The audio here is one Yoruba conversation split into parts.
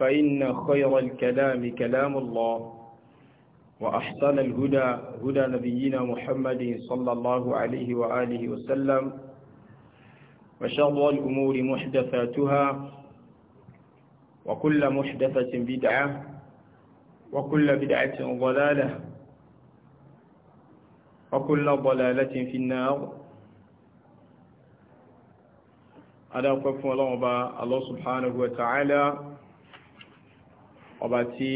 فإن خير الكلام كلام الله وأحسن الهدى هدى نبينا محمد صلى الله عليه وآله وسلم وشر الأمور محدثاتها وكل محدثة بدعة وكل بدعة ضلالة وكل ضلالة في النار ألا أقف الله الله سبحانه وتعالى ọba tí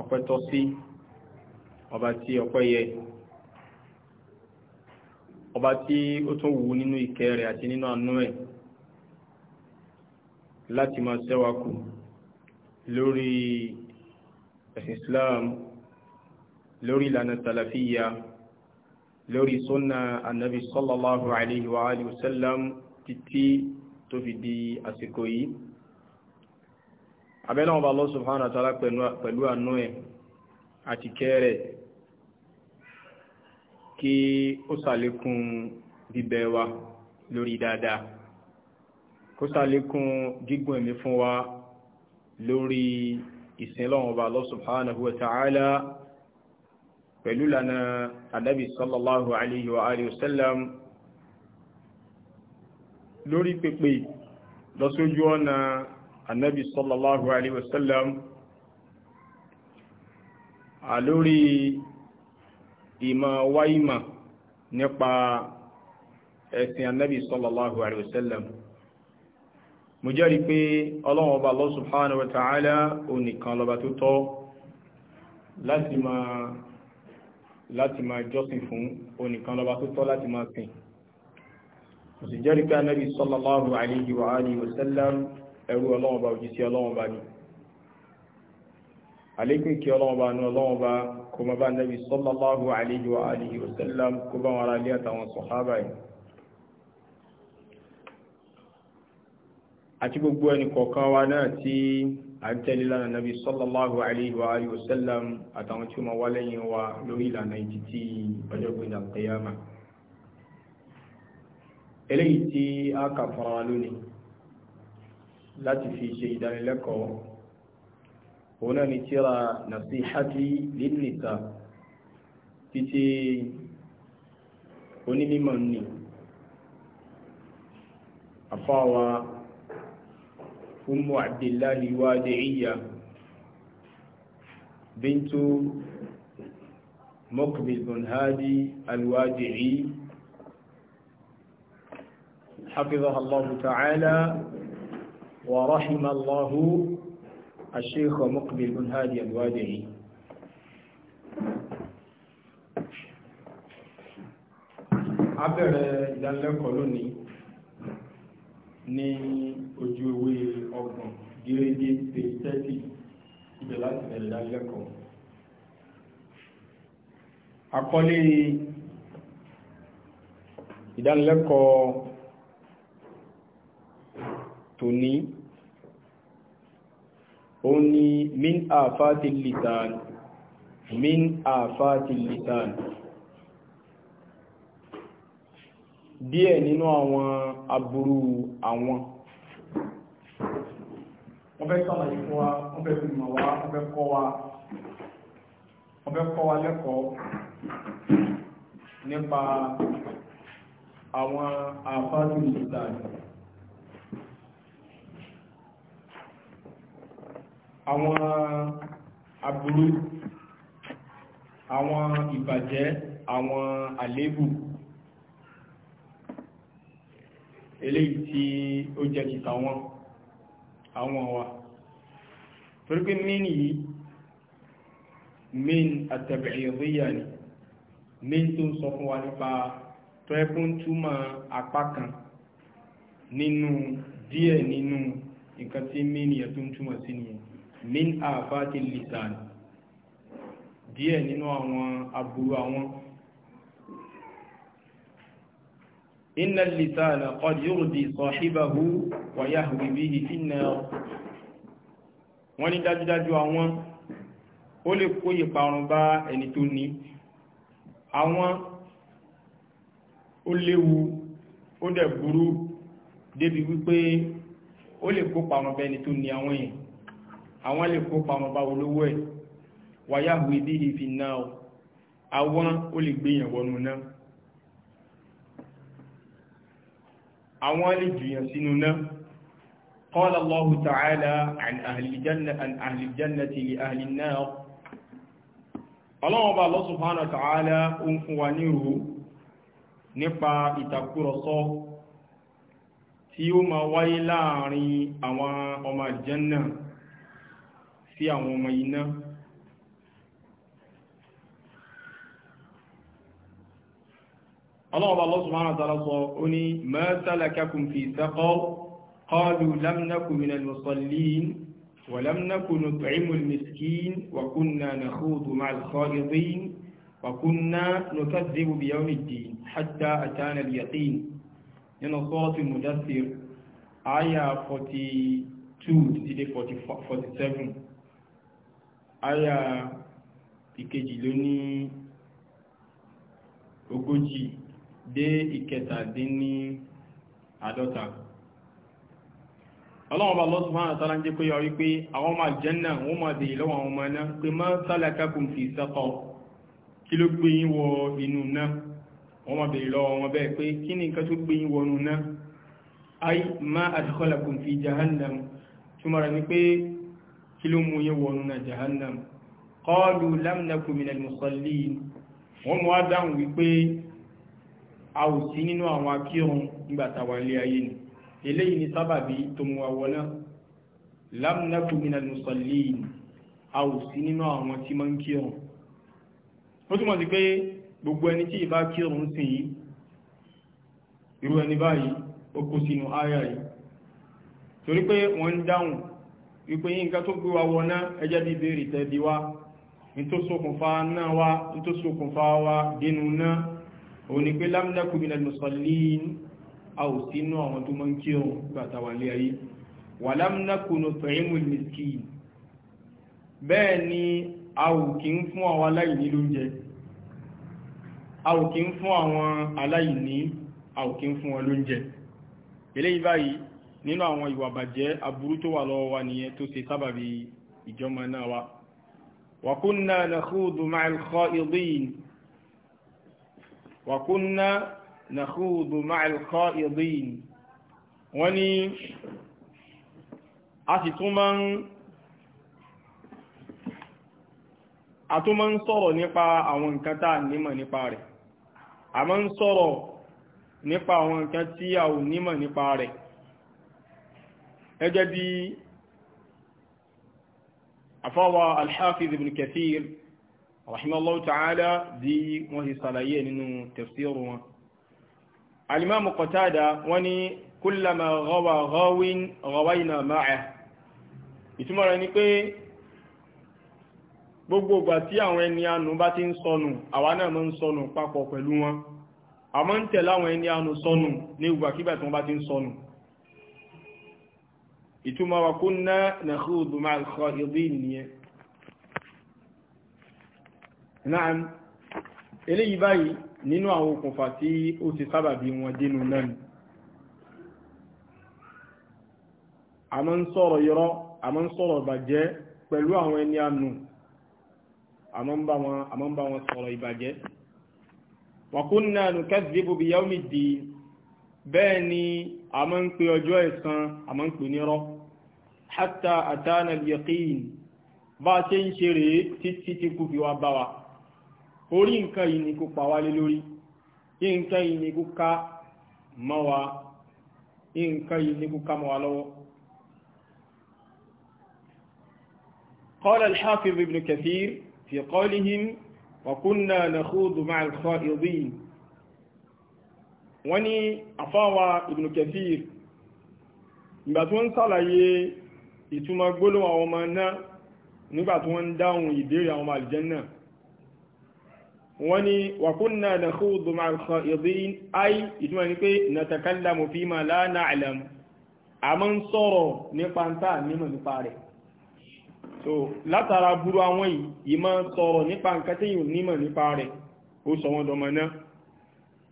ọpẹ́ tọ́ sí ọba tí ọpẹ́ yẹ ọba tí ó tún wù nínú ìkẹ́ rẹ̀ àti nínú àánú ẹ̀ láti máa ṣẹ́wà kù lórí ẹ̀sìn Islam lórí ìlànà tàlàfíyà lórí sunna anabi sallallahu alayhi wa alihi wa sallam títí tó fi di àsìkò yìí abẹ́lẹ́ ọba Allah subhanahu wa ta'ala pẹ̀lú àánú ẹ̀ àti kẹ́rẹ̀ kí ó ṣàlékún bíbẹ wa lórí dáadáa kó ṣàlékún gígùn ẹ̀mí fún wa lórí ìsinlọ́wọ́n ọba Allah subhanahu wa ta'ala pẹ̀lú lànà ànábì sallallahu alayhi wa alihi wa sallam lórí pépè lọ ọ̀nà anabi sallallahu alayhi wa sallam àlórí ìmọ̀ wáyímọ̀ nípa ẹ̀sìn anabi sallallahu alayhi wa sallam mo jẹ́rìí pé ọlọ́run ọba Allah subhanahu wa ta'ala onìkan lọ́ba tó tọ́ láti máa láti máa jọ́sìn fún onìkan lọ́ba tó tọ́ láti máa sìn mo sì anabi sallallahu alayhi wa alihi wa ẹrú ọlọ́wọ́n bá ojú sí ọlọ́wọ́n bá ní àlékún kí ọlọ́wọ́n bá ní ọlọ́wọ́n bá kó má bá nẹ́bí sallallahu alayhi wa alihi wa sallam kó bá wọn ara lé àtàwọn sọ̀hábà yìí àti gbogbo ẹni kọ̀ọ̀kan wa náà tí a ń tẹ̀lé lánàá nàbí sallallahu alayhi wa àtàwọn tí ó máa wá lẹ́yìn wa lórí ìlànà ìdí tí ọjọ́ gbẹ̀dà al eléyìí tí a kà fara lónìí láti fi ṣe ìdánilẹ́kọ̀ọ́ òun náà ni tíra nasihati linnisa títí onímọ̀ ní afáwa Ummu Abdillahi Wadi'iyya bintu Muqbil bin Hadi al حفظها الله تعالى ورحم الله الشيخ مقبل بن هادي الوادعي abẹ̀rẹ̀ ìdánilẹ́kọ̀ọ́ lónìí ní ojú ewé ọgbọ̀n gírégé page thirty ibẹ̀ láti bẹ̀rẹ̀ ìdánilẹ́kọ̀ọ́ àkọlé ìdánilẹ́kọ̀ọ́ tòní ó min àfáàtì lisan min àfáàtì lisan díẹ̀ nínú àwọn aburú àwọn wọ́n fẹ́ sàlàyé fún wa wọ́n fẹ́ fi mọ̀ wá wọ́n fẹ́ kọ́ wa wọ́n fẹ́ kọ́ wa lẹ́kọ̀ọ́ nípa àwọn àfáàtì lisan àwọn aburú àwọn ìbàjẹ́ àwọn àléébù eléyìí tí ó jẹ́ kìtà wọn àwọn wa torí pé mínì yìí min àtẹ̀bẹ̀ẹ̀ríyà ni min tó ń sọ fún wa nípa tọ́ẹ̀kún túmọ̀ apá kan nínú díẹ̀ nínú nǹkan tí mínì ẹ̀ tó túmọ̀ sí nìyẹn min àfáàtì lisan díẹ̀ nínú àwọn aburú àwọn inna lisan qad yurdi sahibahu wa yahwi bihi finnar wọ́n ní dájúdájú àwọn ó lè kó ìparun bá ẹni tó ní àwọn ó léwu ó dẹ̀ burú débi wípé ó lè kó parun bá ẹni tó ní àwọn yìí àwọn lè kó pamọ́ bá olówó ẹ̀ wáyà hùwé bí ìfi náà àwọn ó lè gbéyàn wọnú náà àwọn lè jùyàn sínú náà قال الله تعالى عن أهل الجنة عن أهل الجنة ọlọ́wọ́n bá Allah sí àwọn ọmọ iná ọlọ́ọ̀bá Allah subhanahu wa ta'ala sọ ó ní ma salakakum fi saqar qalu lam naku minal musallin wa lam naku nut'imul miskin wa kunna nakhudu ma'al kha'idin wa kunna 42 títí 47 aya ìkejì ló ní ogójì dé ìkẹtàdínní àádọ́ta ọlọ́wọ́n bá lọ́sùn máa tàrà ń jẹ́ pé yọ wípé àwọn ọmọ àjẹ́nà wọ́n máa dèyí lọ́wọ́ àwọn ọmọ ẹ̀nà pé máa salakakum fi saqar kí ló gbé yín wọ inú náà wọ́n máa bèèrè lọ́wọ́ ma adkhalakum fi jahannam túmọ̀ rẹ̀ kí ló mú yín wọnú náà jahannam qalu lam naku minal musallin wọ́n mú wá dáhùn wípé a ò sí nínú àwọn akírun nígbà táwa ilé ayé ni eléyìí ni sábàbí tó mú wa wọná lam naku minal a ò sí nínú àwọn tí máa ń kírun ó túmọ̀ sí pé gbogbo ẹni tí ìbá kírun sí irú ẹni báyìí ó kó sínú áyà yìí torí pé wọ́n ń dáhùn wípé yí nǹkan tó gbé wa wọná ẹjẹ́ bí bèèrè tẹ́bí wá ní tó ṣokùnfà náà wá ní tó ṣokùnfà wá dínú náà òun ni pé lámìnàkù min al-musallin a ò sí inú àwọn tó máa ń kí òun gbàtà ayé wà lámìnàkù nut'imu al ni a ò kí ń fún nínú àwọn ìwà bàjẹ́ aburú tó wà lọ́wọ́ wa nìyẹn tó ṣe sábàbí ìjọmọ náà wa wa kunna nakhudu ma'al kha'idin wa kunna nakhudu ma'al kha'idin wọ́n ní a sì máa ń a nípa àwọn nǹkan tá nímọ̀ nípa rẹ̀ a máa ń sọ̀rọ̀ nípa àwọn nǹkan tí a ò nímọ̀ nípa rẹ̀ gẹ́gẹ́ bí afọ́wà alhafiz ibn kathir rahimahullahu ta'ala bí wọ́n ti sàlàyé nínú tafsir wọn alimamu qatada wọ́n ni kullama ghawa ghawin ghawayna ma'ah ìtumọ̀ rẹ̀ ni pé gbogbo ìgbà tí àwọn ẹni anù bá ti ń sọnù àwa náà mọ́ ń sọnù papọ̀ pẹ̀lú wọn àmọ́ ń tẹ̀lé àwọn ẹni anù sọnù ní ìgbàkígbà tí wọ́n bá ti ń sọnù ìtumọ̀ wa kunna nakhudu ma'al kha'idin nìyẹn náà eléyìí báyìí nínú àwọn okùnfà tí ó ti sábàbí wọn dénú náà ni a máa ń sọ̀rọ̀ irọ́ a máa ń sọ̀rọ̀ ìbàjẹ́ pẹ̀lú àwọn ẹni ànú a máa ń bá wọn sọ̀rọ̀ ìbàjẹ́ wa kunna nukazzibu bi yawmid bẹ́ẹ̀ ni a máa ń pe ọjọ́ ẹ̀san a máa ń pè nírọ́ hatta àtàna al-yaqin bá ṣe ń ṣe rèé títí tí kú fi wá bá wa orí nǹkan yìí ni kò pa wá lé lórí nǹkan yìí ni kò ká mọ́ wa nǹkan yìí ni kò ká mọ́ wa lọ́wọ́ قال الحافظ ابن كثير في قولهم وكنا نخوض مع الخائضين wọ́n ní àfáwà ibn Kathir ìgbà tó ń sàlàyé ìtumọ̀ gbólóhùn àwọn ọmọ náà nígbà tí wọ́n ń dáhùn ìbéèrè àwọn àlìjẹ́nà wọ́n ní wa kunna nakhudu ma'al kha'idin ay ìtumọ̀ ní pé natakallamu fima la na'lam a máa ń sọ̀rọ̀ nípa ń tà nímọ̀ nípa rẹ̀ so látara burú àwọn yìí ìmọ̀ sọ̀rọ̀ nípa nǹkan tí yìí nímọ̀ nípa rẹ̀ ó sọ wọn dọmọ náà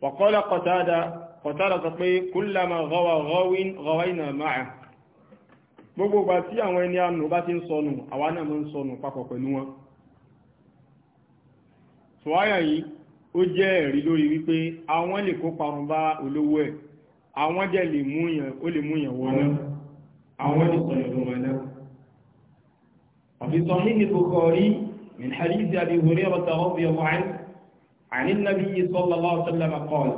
wa qala Qatada sọ pé kullama ghawa ghawin ghawayna ma'ah gbogbo ìgbà tí àwọn ẹni àánú bá ti ń sọnù àwa náà máa ń sọnù papọ̀ pẹ̀lú wọn tòwáyà yìí ó jẹ́ ẹ̀rí lórí wípé àwọn lè kó parun bá olówó ẹ̀ àwọn jẹ́ lè mú yàn ó lè mú yàn wọlé àwọn lè sọ̀rọ̀ ló wọlé. وفي صحيح البخاري من حديث أبي هريرة رضي الله عنه عن النبي صلى الله عليه وسلم قال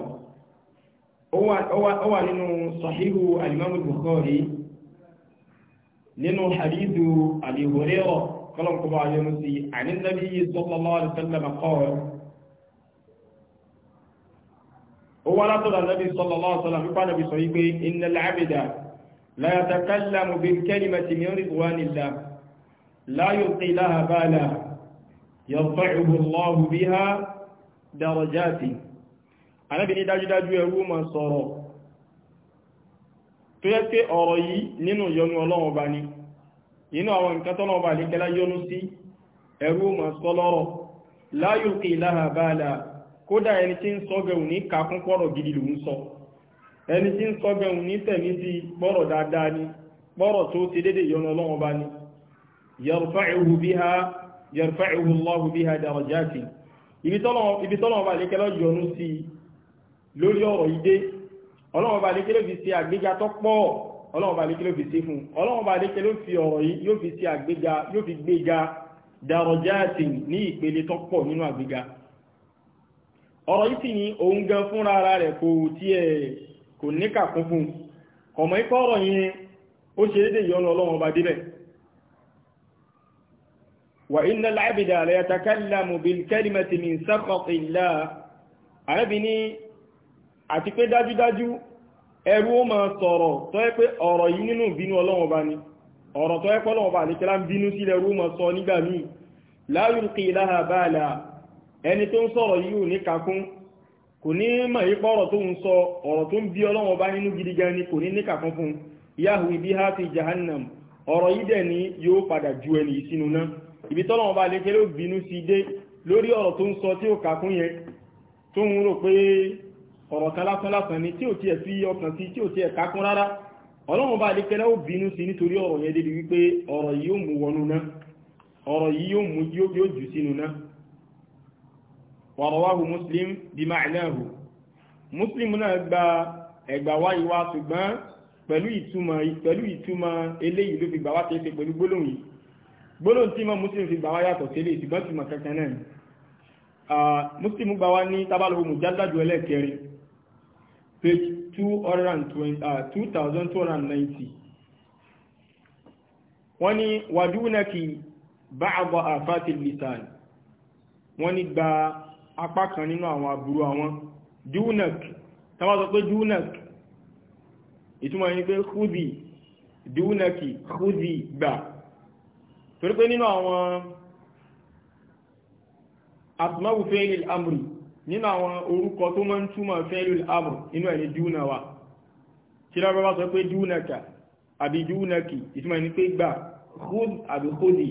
هو هو هو صحيح الإمام البخاري nínú hadithu Abi Hurairah kọ́lọ̀n kọba ayọ́nu sí àní nàbí sallallahu alaihi wasallam qala ó wá látọ̀dọ̀ nàbí sallallahu alaihi wasallam pípa nàbí sọ yí pé innal abda la yatakallamu bil kalimati min ridwanillah la yulqi laha bala yarfa'uhu Allahu biha darajati anábìnrin dájúdájú ẹrú ma sọ̀rọ̀ tó yẹ pé ọ̀rọ̀ yìí nínú yọnu ọlọ́run ọba ni inú àwọn nǹkan tọ́nà ọba àlékẹ́lá yọnu sí ẹrú mọ̀ sọ́lọ́rọ̀ láyò kì í láhà báàlà kódà ẹni tí ń sọ gẹ̀hùn ní kakún pọ̀rọ̀ gidi ló ń sọ ẹni tí ń sọ gẹ̀hùn ní tẹ̀mí sí pọ̀rọ̀ dáadáa ni pọ̀rọ̀ tó ti dédé yọnu ọlọ́run ọba ni ọlọ́wọ́n bá lékelé fi ṣe àgbéga tó pọ̀ ọlọ́wọ́n bá lékelé fi ṣe fún ọlọ́wọ́n bá lékelé fi ọ̀rọ̀ yìí yóò fi ṣe àgbéga yóò fi gbéga dàrọ̀jáàtì ní ìpele tó pọ̀ nínú àgbéga ọ̀rọ̀ yìí sì ni òun gan fúnra ara rẹ̀ kò tiẹ̀ kò níkàkún fún ọmọ ikọ̀ ọ̀rọ̀ yìí ó ṣe dédé ìyọnu ọlọ́wọ́n bá بالكلمة من سخط الله أبني àti pé dájúdájú ẹrú ó máa sọ̀rọ̀ tó yẹ pé ọ̀rọ̀ yìí nínú ìbínú ọlọ́run bá ní ọ̀rọ̀ tó yẹ pé ọlọ́run ní kílá ń bínú sílẹ̀ ẹrú máa sọ nígbà míì la yulqi laha bala ẹni tó ń sọ̀rọ̀ yìí ò ní kakún kò ní mọ̀ yípa ọ̀rọ̀ tó ń sọ ọ̀rọ̀ tó ń bí ọlọ́run ni kò ní ní kakún fún yahwi biha fi jahannam ọ̀rọ̀ yìí dẹ̀ ni tó ń rò pé ọ̀rọ̀ kan lásán lásán ni tí ò tiẹ̀ fi ọkàn sí tí ò tiẹ̀ kákún rárá ọlọ́run bá adékẹ́lẹ́ ó bínú sí nítorí ọ̀rọ̀ yẹn débi wípé ọ̀rọ̀ yìí yóò mú wọnú náà ọ̀rọ̀ yìí yóò mú yóò jù sínú náà wàrọ̀wáhu muslim bí máìláhù muslim náà gba ẹ̀gbà wá ìwá ṣùgbọ́n pẹ̀lú ìtumọ̀ pẹ̀lú ìtumọ̀ eléyìí ló fi gbà wá ṣe ṣe pẹ̀lú gbólóhùn yìí gbólóhùn tí mọ́ muslim fi gbà wá yàtọ̀ sí eléyìí ṣùgbọ́n tìmọ̀ kankan náà ah, muslim gbà wá ní tábàlùwò mùjádàdù ẹlẹ́ẹ̀kẹrin page 220, uh, 2290 wọ́n ní wàdúnàkì bá àbọ̀ àfáàtì lisan wọ́n ní gba apá kan nínú àwọn àbúrú àwọn dúnàk tàbí sọ pé dúnàk ìtumọ̀ yìí pé húdì dúnàkì húdì gbà torí pé nínú àwọn asmawu fẹ́lì amri nínú àwọn orúkọ tó máa ń túmọ̀ fẹ́lúl amr inú ẹni dúnà wa tí lábẹ́ bá sọ pé dúnàkà àbí dúnàkì ìtumọ̀ ní pé gbà khud àbí khudi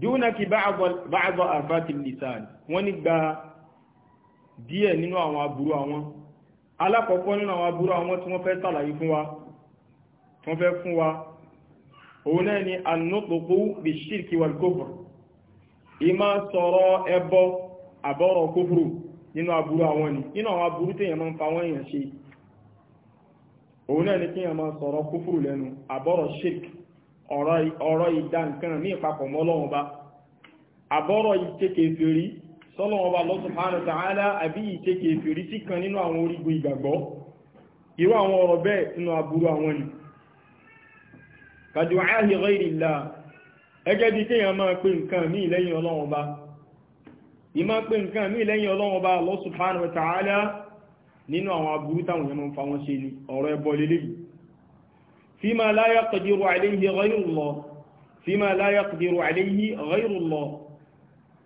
dúnàkì ba'd àfáàtì lisan wọ́n ní gba díẹ̀ nínú àwọn aburú àwọn alákọ̀ọ́kọ́ nínú àwọn aburú àwọn tí wọ́n fẹ́ tàlàyé fún wa wọ́n fẹ́ fún wa òun náà ni anúpòpó bí ṣírkì wal kufr ìmá sọ̀rọ̀ ẹbọ àbọ́rọ̀ kófúrò nínú aburu àwọn ni nínú àwọn aburu tèèyàn nfa ń fa wọ́n èèyàn ṣe òun náà ni kíyàn máa sọ̀rọ̀ kófúrò lẹ́nu àbọ́rọ̀ sheik ọ̀rọ̀ ìdá nǹkan ní ìpapọ̀ mọ́ Ọlọ́run àbọ́rọ̀ ìtẹ́kẹ̀ẹ́fẹ̀rí sọ́lọ́run kan n'inu origo ni ẹgẹ́ bí máa pè ìmá pé nǹkan mí lẹ́yìn ọlọ́run ọba Allah subhanahu wa ta'ala nínú àwọn aburú táwọn èèyàn ń fa wọn ṣe ni ọ̀rọ̀ ẹbọ lélẹ̀ yìí fima la yaqdiru alayhi ghayrullah fima la yaqdiru alayhi ghayrullah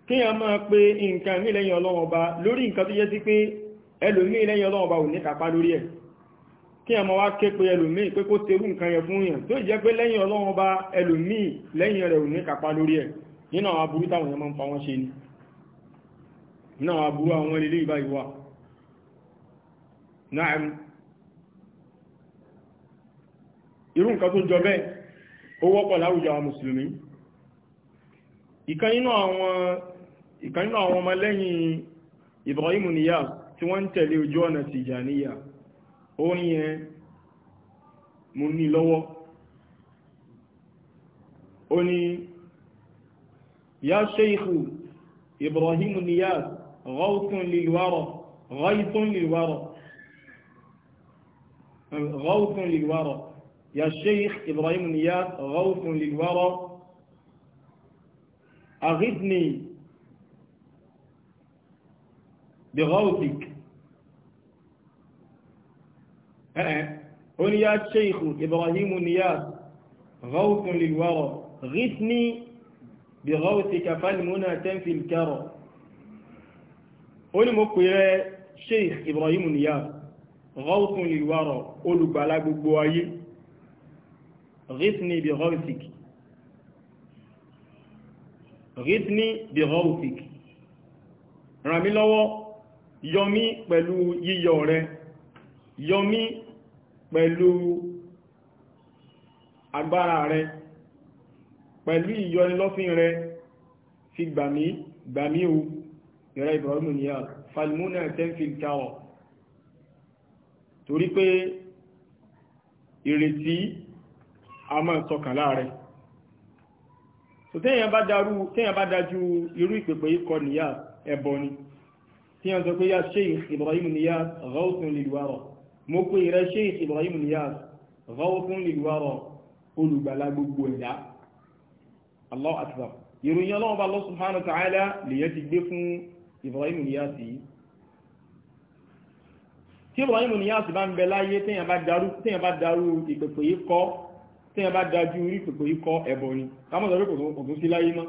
kí a máa pé nǹkan mí lẹ́yìn ọlọ́run ọba lórí nǹkan tó yẹ sí pé ẹlòmí lẹ́yìn ọlọ́run ọba ò ní kápá lórí ẹ̀ kí a máa wá ké pé ẹlòmí pé kó serú nǹkan yẹn fún yàn tó jẹ́ pé lẹ́yìn ọlọ́run ọba ẹlòmí lẹ́yìn rẹ̀ ò ní kápá lórí ẹ̀ nínú àwọn aburú táwọn èèyàn máa ń fa wọn ṣe ni náà aburú àwọn ilé ìbá ìwà náà irú nǹkan tó jọ bẹ́ẹ̀ ó wọ́pọ̀ láwùjọ àwọn mùsùlùmí ìkan nínú àwọn ọmọlẹ́yìn Ibrahim Niyas tí wọ́n ń tẹ̀lé ojú ọ̀nà Tìjàníyà orin yẹn mo ní lọ́wọ́ ó ní ya Sheikhu Ibrahim Niyas غوث للورى غيث للورى غوث للورى يا شيخ إبراهيم نياس غوث للورى أغثني بغوثك قل يا شيخ إبراهيم نياس غوث للورى غثني بغوثك فالمنى تنفي الكرى ó ní mo pè rẹ Sheikh Ibrahim Niyas ghawthun lilwara olùgbàlà gbogbo ayé ghithni bi ghawthik ghithni bi ghawthik ràn mí lọ́wọ́ yọmí pẹ̀lú yíyọ rẹ yọmí pẹ̀lú agbára rẹ pẹ̀lú ìyọnilọ́fín rẹ fi gbàmí gbàmí o ìrẹ́ Ibrahim ni a falmuna tenfil kawọ torí pé ìrètí a máa sọkàn láàrẹ so téèyàn bá dájú irú ìpèpè ikọ̀ níyà ẹbọ ni tí a sọ pé yá Sheikh Ibrahim Niyas ghawthun lilwara mo pé ìrẹ́ Sheikh Ibrahim Niyas ghawthun lilwara gbogbo ẹ̀dá Allahu akbar ìròyìn ọlọ́wọ́ bá Allah Ibrahim Niyasi tí Ibrahim Niyasi bá ń bẹ láyé téèyàn bá darú ìpèpè yìí kọ́ téèyàn bá dájú orí ìpèpè yìí kọ́ ẹbọ ni kámọ́ sọ pé kò tún sí láyé mọ́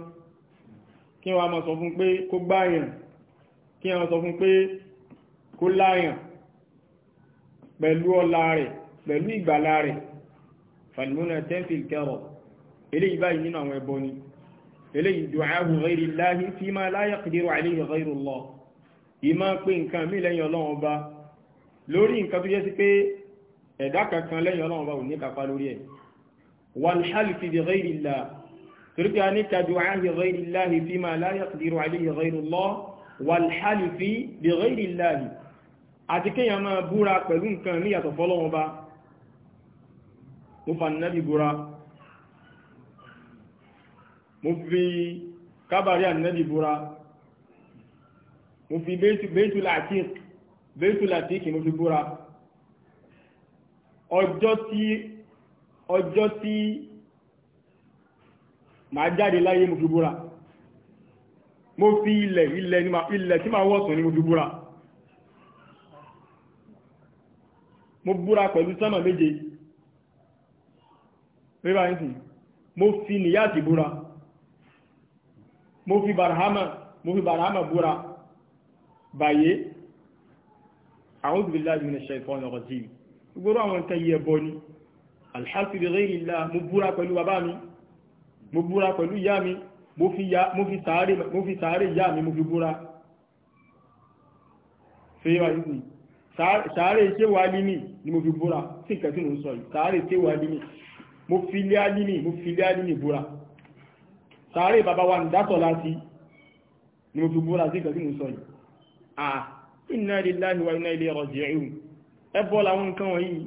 kí wọ́n máa sọ fún pé kó gbáyàn kí wọ́n sọ fún pé kó láyàn pẹ̀lú ọlá rẹ̀ pẹ̀lú ìgbàlá rẹ̀ fàlmúnà tẹ́ńfìl kẹrọ̀ eléyìí báyìí nínú àwọn ẹbọ ni eléyìí du'ahu ghayri Allahi fima la yaqdiru alayhi ghayru Allah ìmá pé nǹkan mí lẹ́yìn ọlọ́run ọba lórí nǹkan tó yẹ sí pé ẹ̀dá kankan lẹ́yìn ọlọ́run ọba ò ní kápá lórí ẹ̀ wal halfi bi ghayri Allah torí pé a ní ka du'ahi ghayri Allahi fima la yaqdiru mo fi kábàrí ànínẹ́bì búra mo fi bẹ́ẹ̀tù làtík bẹ́ẹ̀tù làtík mo fi búra ọjọ́ tí ọjọ́ tí màá jáde láyé mo fi búra mo fi ilẹ̀ ilẹ̀ tí màá wọ̀sùn ni mo fi búra mo búra pẹ̀lú sánmà méje rí bá ń sìn mo fi nìyá àti búra mo fi barahama mo fi barahama búra báyé a'udhu billahi minash shaytanir rajim gbogbo àwọn nǹkan yìí ẹbọ ni alhassi bi ghayrillah mo búra pẹ̀lú bàbá mi mo búra pẹ̀lú ìyá mi mo fi sàárè ìyá mi mo fi búra fèyíwá yìí sàárè iṣẹ́ wa límì ni mo fi búra sí ìkẹtùnú sọ yìí sàárè iṣẹ́ wa límì mo fi lé alímì mo fi lé alímì búra sàárè bàbá wa nìdásọ̀ láti ni mo fi búra sí ìkàtí mo sọ yìí à inna lillahi wa inna ilayhi raji'un ẹbọ́ làwọn nǹkan wọ̀nyí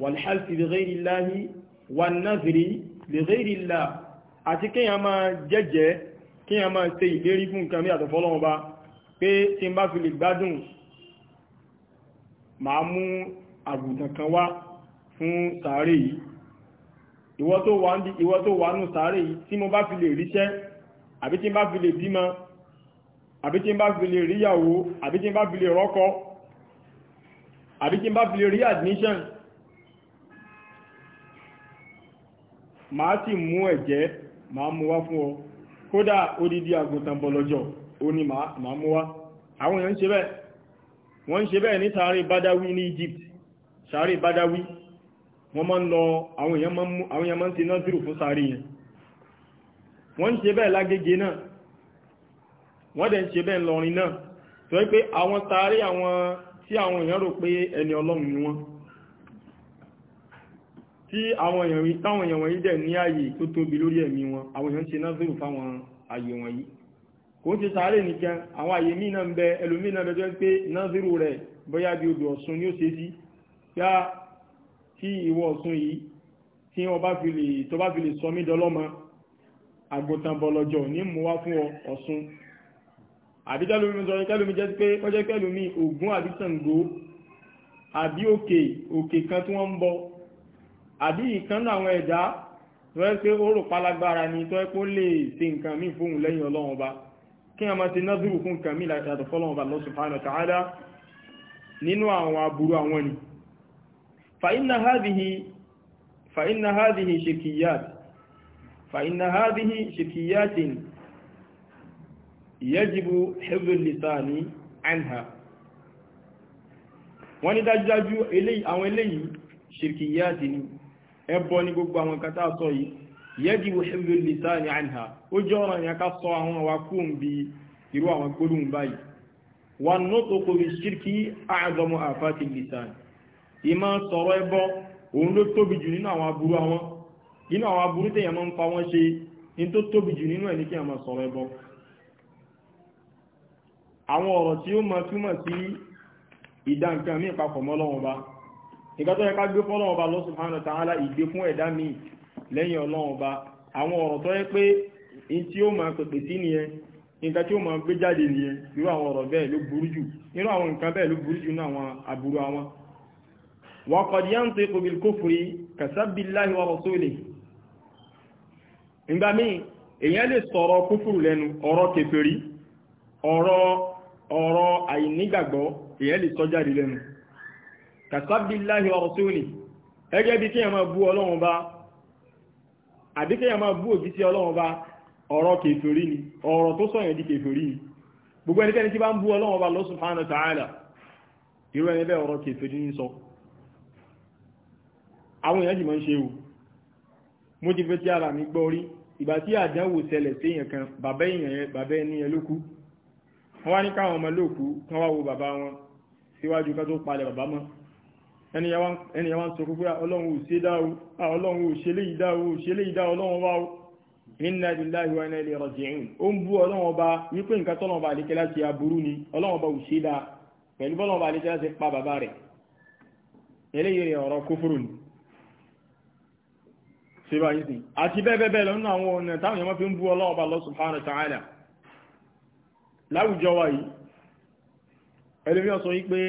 wàlhálsì li ghayri llahi wà nazri li ghayri llah àti kíyàn máa jẹ́jẹ́ kíyàn máa ṣe ìlérí fún nǹkan mí àtọ̀fọ́lọ́wọ́ bá ìwọ tó wà ní ìwọ tó wà nù sáré yìí tí mo bá fi lè ríṣẹ́ àbí tí n bá fi lè bímọ àbí tí n bá fi lè ríyàwó àbí tí n bá fi lè rọ́kọ àbí tí n bá fi lè rí admission màá sì mú ẹ̀jẹ̀ màá mú wá fún ọ kódà odidi àgùntàn bọ̀lọ̀jọ̀ ó ní màá mú wá àwọn èèyàn ń ṣe bẹ́ẹ̀ wọ́n ń ṣe bẹ́ẹ̀ ní sáré bádáwí ní Egypt sáré bádáwí wọ́n máa ń lọ àwọn èèyàn máa ń ṣe nọ́dúrù fún sáré yẹn wọ́n ń ṣe bẹ́ẹ̀ lágége náà wọ́n dẹ̀ ń ṣe bẹ́ẹ̀ lọrin náà tó yẹ pé àwọn sáré àwọn tí àwọn èèyàn rò pé ẹni ọlọ́run ni wọ́n tí àwọn èèyàn táwọn èèyàn wọ̀nyí wọn bóyá bí odò ọ̀ṣun ni ó ṣe sí yá tí ìwọ ọ̀sùn yìí tí wọ́n bá fi lè tó bá fi lè sọ mí dọlọ́mọ àgùntàn bọ̀lọ̀jọ̀ ní mú wá fún ọ̀sùn àbí tẹ́lùmí sọ tẹ́lùmí jẹ́ pé ó jẹ́ pẹ́lùmí ògún àbí Ṣàngó àbí òkè òkè kan tí wọ́n ń bọ àbí ìkànnà àwọn ẹ̀dá tó yẹ pé ó rò pálágbára ni tó yẹ pé ó lè ṣe nǹkan míì fóun lẹ́yìn ọlọ́run ọba kí a máa ti nádùrù fún nǹkan míì láti àtọ̀fọ́lọ́run ọba Allah subhanahu wa nínú àwọn aburú àwọn ni فإن هذه فإن هذه شكيات فإن هذه شكيات يجب حفظ اللسان عنها wọ́n ní dájúdájú àwọn eléyìí ṣirkiyati ni ẹbọ ní gbogbo àwọn kata sọ yìí yajibu hifdhu lisani anha ó jẹ́ ọ̀rọ̀ ni a ká sọ àwọn àwákùn bí irú àwọn gbólóhùn báyìí wan nutqu bi shirki a'zamu afati lisani ìmọ̀ sọ̀rọ̀ ẹbọ òun ló tóbi jù nínú àwọn aburú àwọn nínú àwọn aburú tẹ̀yàn máa ń pa wọ́n ṣe ní tó tóbi jù nínú ẹ̀ kí a máa sọ̀rọ̀ ẹbọ àwọn ọ̀rọ̀ tí ó máa túmọ̀ sí ìdá nǹkan mí papọ̀ mọ́ Ọlọ́run Ọba nǹkan tó yẹ ká gbé Ọba ìgbé fún ẹ̀dá mi lẹ́yìn Ọba àwọn ọ̀rọ̀ tó yẹ pé in tí ó máa pèpè sí nìyẹn nǹkan tí ó máa gbé jáde nìyẹn irú àwọn ọ̀rọ̀ bẹ́ẹ̀ وقد ينطق بالكفر كسب الله ورسوله ìgbà míì èyàn lè sọ̀rọ̀ kúfùrù lẹ́nu ọ̀rọ̀ kèfèrí ọ̀rọ̀ ọ̀rọ̀ àìnígbàgbọ́ èyàn lè sọ jáde lẹ́nu kàsábìláhì wa rasulihi ẹgẹ́ bí kíyàn máa bú ọlọ́run bá àbí kíyàn máa bú òbí sí ọlọ́run bá ọ̀rọ̀ kèfèrí ni ọ̀rọ̀ tó sọ̀yàn di kèfèrí ni gbogbo ẹnikẹ́ni tí bá ń bú ọlọ́run bá lọ subhanahu wa ta'ala irú ẹni bẹ́ẹ̀ ọ̀rọ̀ kèfèrí ni sọ àwọn èèyàn sì máa ń ṣe o mo ti fẹ́ tí ara mi gbọ́ rí ìgbà tí àdánwò ṣẹlẹ̀ sí èèyàn kan bàbá èèyàn yẹn bàbá ẹni yẹn ló kú wọ́n wá ní káwọn ọmọ lóòkú kán wá wo bàbá wọn síwájú ká tó palẹ̀ bàbá mọ́ ẹni yẹn wá ń sọ pé ọlọ́run ò ṣe dáa ọlọ́run ò ṣe léyìí dáa ò ṣe léyìí dáa ọlọ́run wá o inna lillahi wa inna ilayhi raji'un ó ń bú ọlọ́run ọba wípé nǹkan tọ́lọ́run ọba àdékẹ́lá ṣe aburú ni ọlọ́run ọba ò ṣe dáa pẹ̀lú bọ́lọ́run ọba àdékẹ́lá ṣe pa bàbá rẹ̀ eléyìí ọ̀rọ̀ kófòrò ni ṣe bá yìí sìn àti bẹ́ẹ̀bẹ́ẹ̀ lọ nínú àwọn ọ̀nà táwọn èèyàn fi ń bú ọlọ́ọ̀bá lọ subhanahu wa ta'ala láwùjọ wa yìí ẹlẹ́mí ọ̀sán yìí pé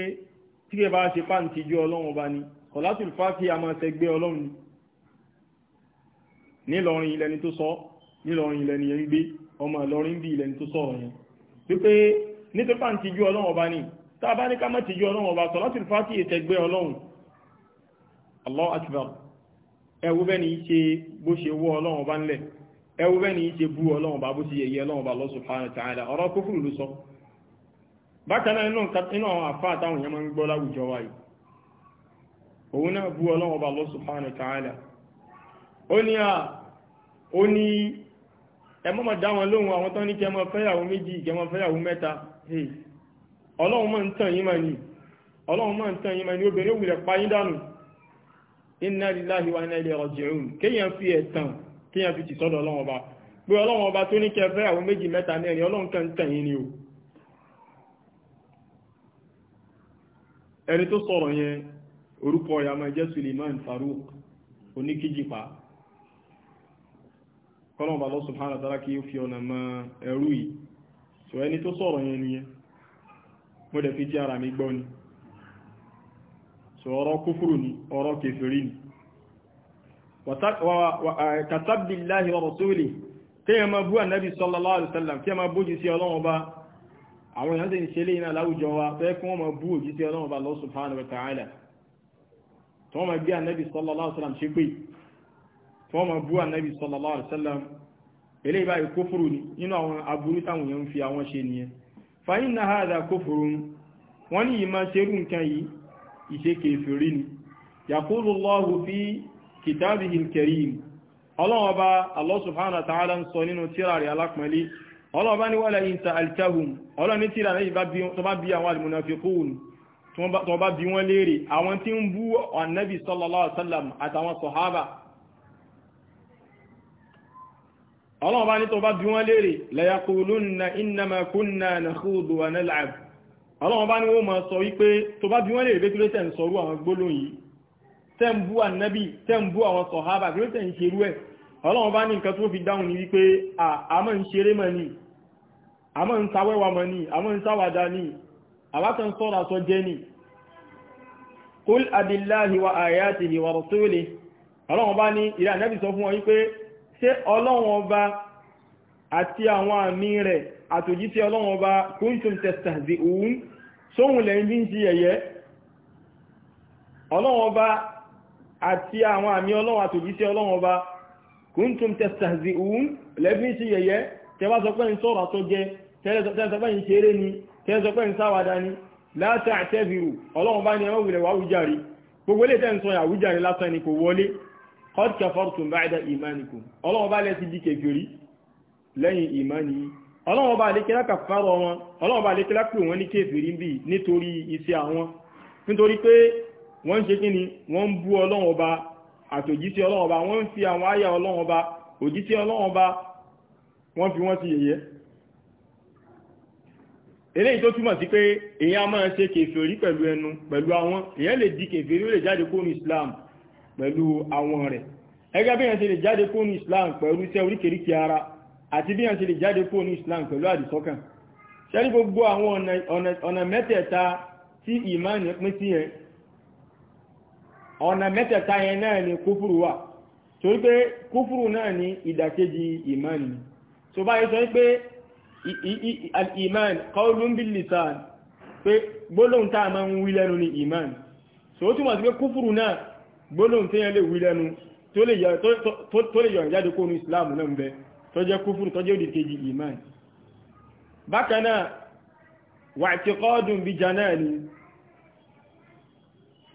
tí kẹ bá ṣe pàǹtí ju ọlọ́run ọba ni kọ̀látùl fàáfì àmọ́ ṣẹgbẹ́ ọlọ́run ni nílọrin ilẹ̀ ni tó sọ nílọrin ilẹ̀ ni ń gbé ọmọ ìlọrin bí ilẹ̀ ni tó sọ ọ̀run wípé ní pàǹtí ju ọlọ́run ọba ni tá a bá ní ká má ti ju ọlọ́run ọba kọ̀látùl fàáfì ìṣẹgbẹ́ ọlọ́run Allahu akbar ẹwú bẹ́ẹ̀ ni ṣe bó ṣe wọ́ ọlọ́run bá ńlẹ̀ ẹwú bẹ́ẹ̀ ni ṣe bú ọlọ́run bá bó ṣe yẹ̀yẹ́ ọlọ́run bá Allah subhanahu wa ta'ala ọ̀rọ̀ kúfùrù ló sọ bákan náà àwọn wa yìí òun náà bú ọlọ́run bá Allah subhanahu ó ní à ó ní dá wọn lóhun àwọn tán ní fẹ́yàwó inna lillahi wa inna ilayhi raji'un kéèyàn fi ẹ̀tàn kéèyàn fi tìsọ́dọ̀ ọlọ́run ọba pé ọlọ́run ọba tó ní kẹfẹ́ àwọn méjì mẹ́ta mẹ́rin ọlọ́run kan tẹ̀yìn ni o ẹni tó sọ̀rọ̀ yẹn orúkọ rẹ̀ àmọ́ jẹ́ Suleiman Farouk oníkíjìpá kọ́lọ́n bá lọ subhanahu wa ta'ala kí ó fi ọ̀nà mọ ẹrú yìí sọ ẹni tó sọ̀rọ̀ yẹn nìyẹn mo dẹ̀ fi jẹ́ ara mi gbọ́ ni so ọ̀rọ̀ kúfùrù ni ọ̀rọ̀ kèfèrí ni kàtàbìláhì wa rasulihi kí ẹ ma bú ànábì sallallahu alaihi wasallam kí ẹ ma bú òjíṣẹ́ ọlọ́run bá àwọn èèyàn tẹ́ ń ṣe léyìn aláwùjọ wa fẹ́ kí wọ́n ma bú òjíṣẹ́ ọlọ́run bá Allah subhanahu wa ta'ala tí wọ́n ma gbé ànábì sallallahu alaihi wasallam ṣe pé tí wọ́n ni nínú ṣe nìyẹn nǹkan yìí ìṣe kèfèrí ni yàkúrù lọ́hù fi kìtàbìhì kẹrìm ọlọ́ọ̀bá Allah subhanahu wa ta'ala ń sọ nínú tíra rẹ̀ alápẹ̀lẹ́ ọlọ́ọ̀bá ní wala in sa'altahum ọlọ́ọ̀ ní tíra náà tó bá bí àwọn al-munafiqun tó bá bí wọ́n léèrè àwọn tí ń bú annabi sallallahu alaihi wasallam àtàwọn sọ̀hábà ọlọ́ọ̀bá ní tó ọlọ́wọ́n bá ní wọ́n máa sọ wípé tó bá bí wọ́n lè rẹ̀ tó lé tẹ̀ ń sọrú àwọn gbólóhùn yìí tẹ́ ń bú ànábì tẹ́ ń bú àwọn sọ̀hábà tó lé tẹ̀ ń ṣerú ẹ̀ ọlọ́wọ́n bá ní nǹkan tó fi dáhùn ní wípé àmọ́ ń ṣeré mọ́ ni àmọ́ ń sáwẹ́wà mọ́ ni àmọ́ ń sáwàdà ni àbátàn sọ́ra sọ jẹ́ ni kul abillahi wa ayatihi wa rasulihi ọlọ́wọ́n bá ní ìrẹ́ àtòjíṣẹ́ ọlọ́run ọba kuntum testahzi'un sóhun lẹ́yìn bí ń ṣe yẹ̀yẹ́ ọlọ́run ọba àti àwọn àmì ọlọ́run àtòjíṣẹ́ ọlọ́run ọba kuntum testahzi'un lẹ́bí ń ṣe yẹ̀yẹ́ tẹ́ bá sọ pé ń sọ̀rọ̀ àtọ́jẹ tẹ́ sọ pé ń ṣeré ni tẹ́ sọ pé la ta'tabiru ọlọ́run bá ní ẹmọ́ wùlẹ̀ wà wùjáre gbogbo ilé tẹ́ ń sọ lẹ́yìn ìmánì yìí ọlọ́wọ́n bá alékẹ́lá kàfàrọ̀ wọn ọlọ́wọ́n bá alékẹ́lá pè wọ́n ní kéfèrí bí nítorí iṣẹ́ àwọn nítorí pé wọ́n ń ṣe kí ni wọ́n ń bú ọlọ́wọ́n bá àtòjísí ọlọ́wọ́n bá wọ́n ń fi àwọn àyà ọlọ́wọ́n bá òjísí ọlọ́wọ́n bá wọ́n fi wọ́n sí yẹ̀yẹ́ eléyìí tó túmọ̀ sí pé èèyàn máa ṣe kèfèrí pẹ̀lú ẹnu pẹ̀lú àwọn èèyàn lè di kèfèrí ó lè jáde kóònù Islam pẹ̀lú àwọn rẹ̀ ẹgẹ́ bí èèyàn ṣe lè jáde kóònù Islam pẹ̀lú iṣẹ́ oríkèríkè ara àti bí wọ́n ṣe lè jáde kó ní islam pẹ̀lú àdìsọ́kàn ṣẹ́rí gbogbo àwọn ọ̀nà mẹ́tẹ̀ẹ̀ta tí ìmáànì pín sí yẹn ọ̀nà mẹ́tẹ̀ẹ̀ta yẹn náà ni kúfùrù wà torí pé kúfùrù náà ni ìdàkejì ìmáànì tó bá yẹ sọ pé ìmáànì qawlun bil lisan pé gbólóhùn tá a máa ń wí lẹ́nu ni ìmáànì so ó túmọ̀ sí pé kúfùrù náà gbólóhùn tí yẹn lè wí lẹ́nu tó lè yọ ìjáde kó ní islam náà ń bẹ́ẹ̀ tó jẹ́ kúfùrù tó jẹ́ òdì kejì iman bákan náà wà tí kọ́ọ̀dùn bí jana ni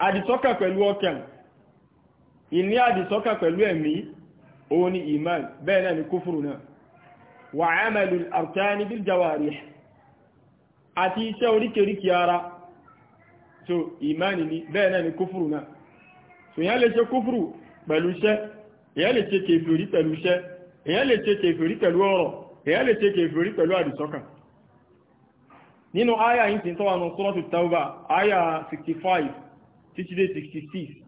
àdìsọ́kà pẹ̀lú ọkàn ìní àdìsọ́kà pẹ̀lú ẹ̀mí òun ni iman bẹ́ẹ̀ náà ni kúfùrù náà wà amalu al-arkani bil jawarih àti iṣẹ́ èyàn lè ṣe kèfèrí pẹ̀lú ọ̀rọ̀ èyàn lè ṣe kèfèrí pẹ̀lú àdìsọ́kàn nínú àyà yìí tí ń tọ́wà náà sọ́rọ̀tù tàwà àyà 65 títí dé 66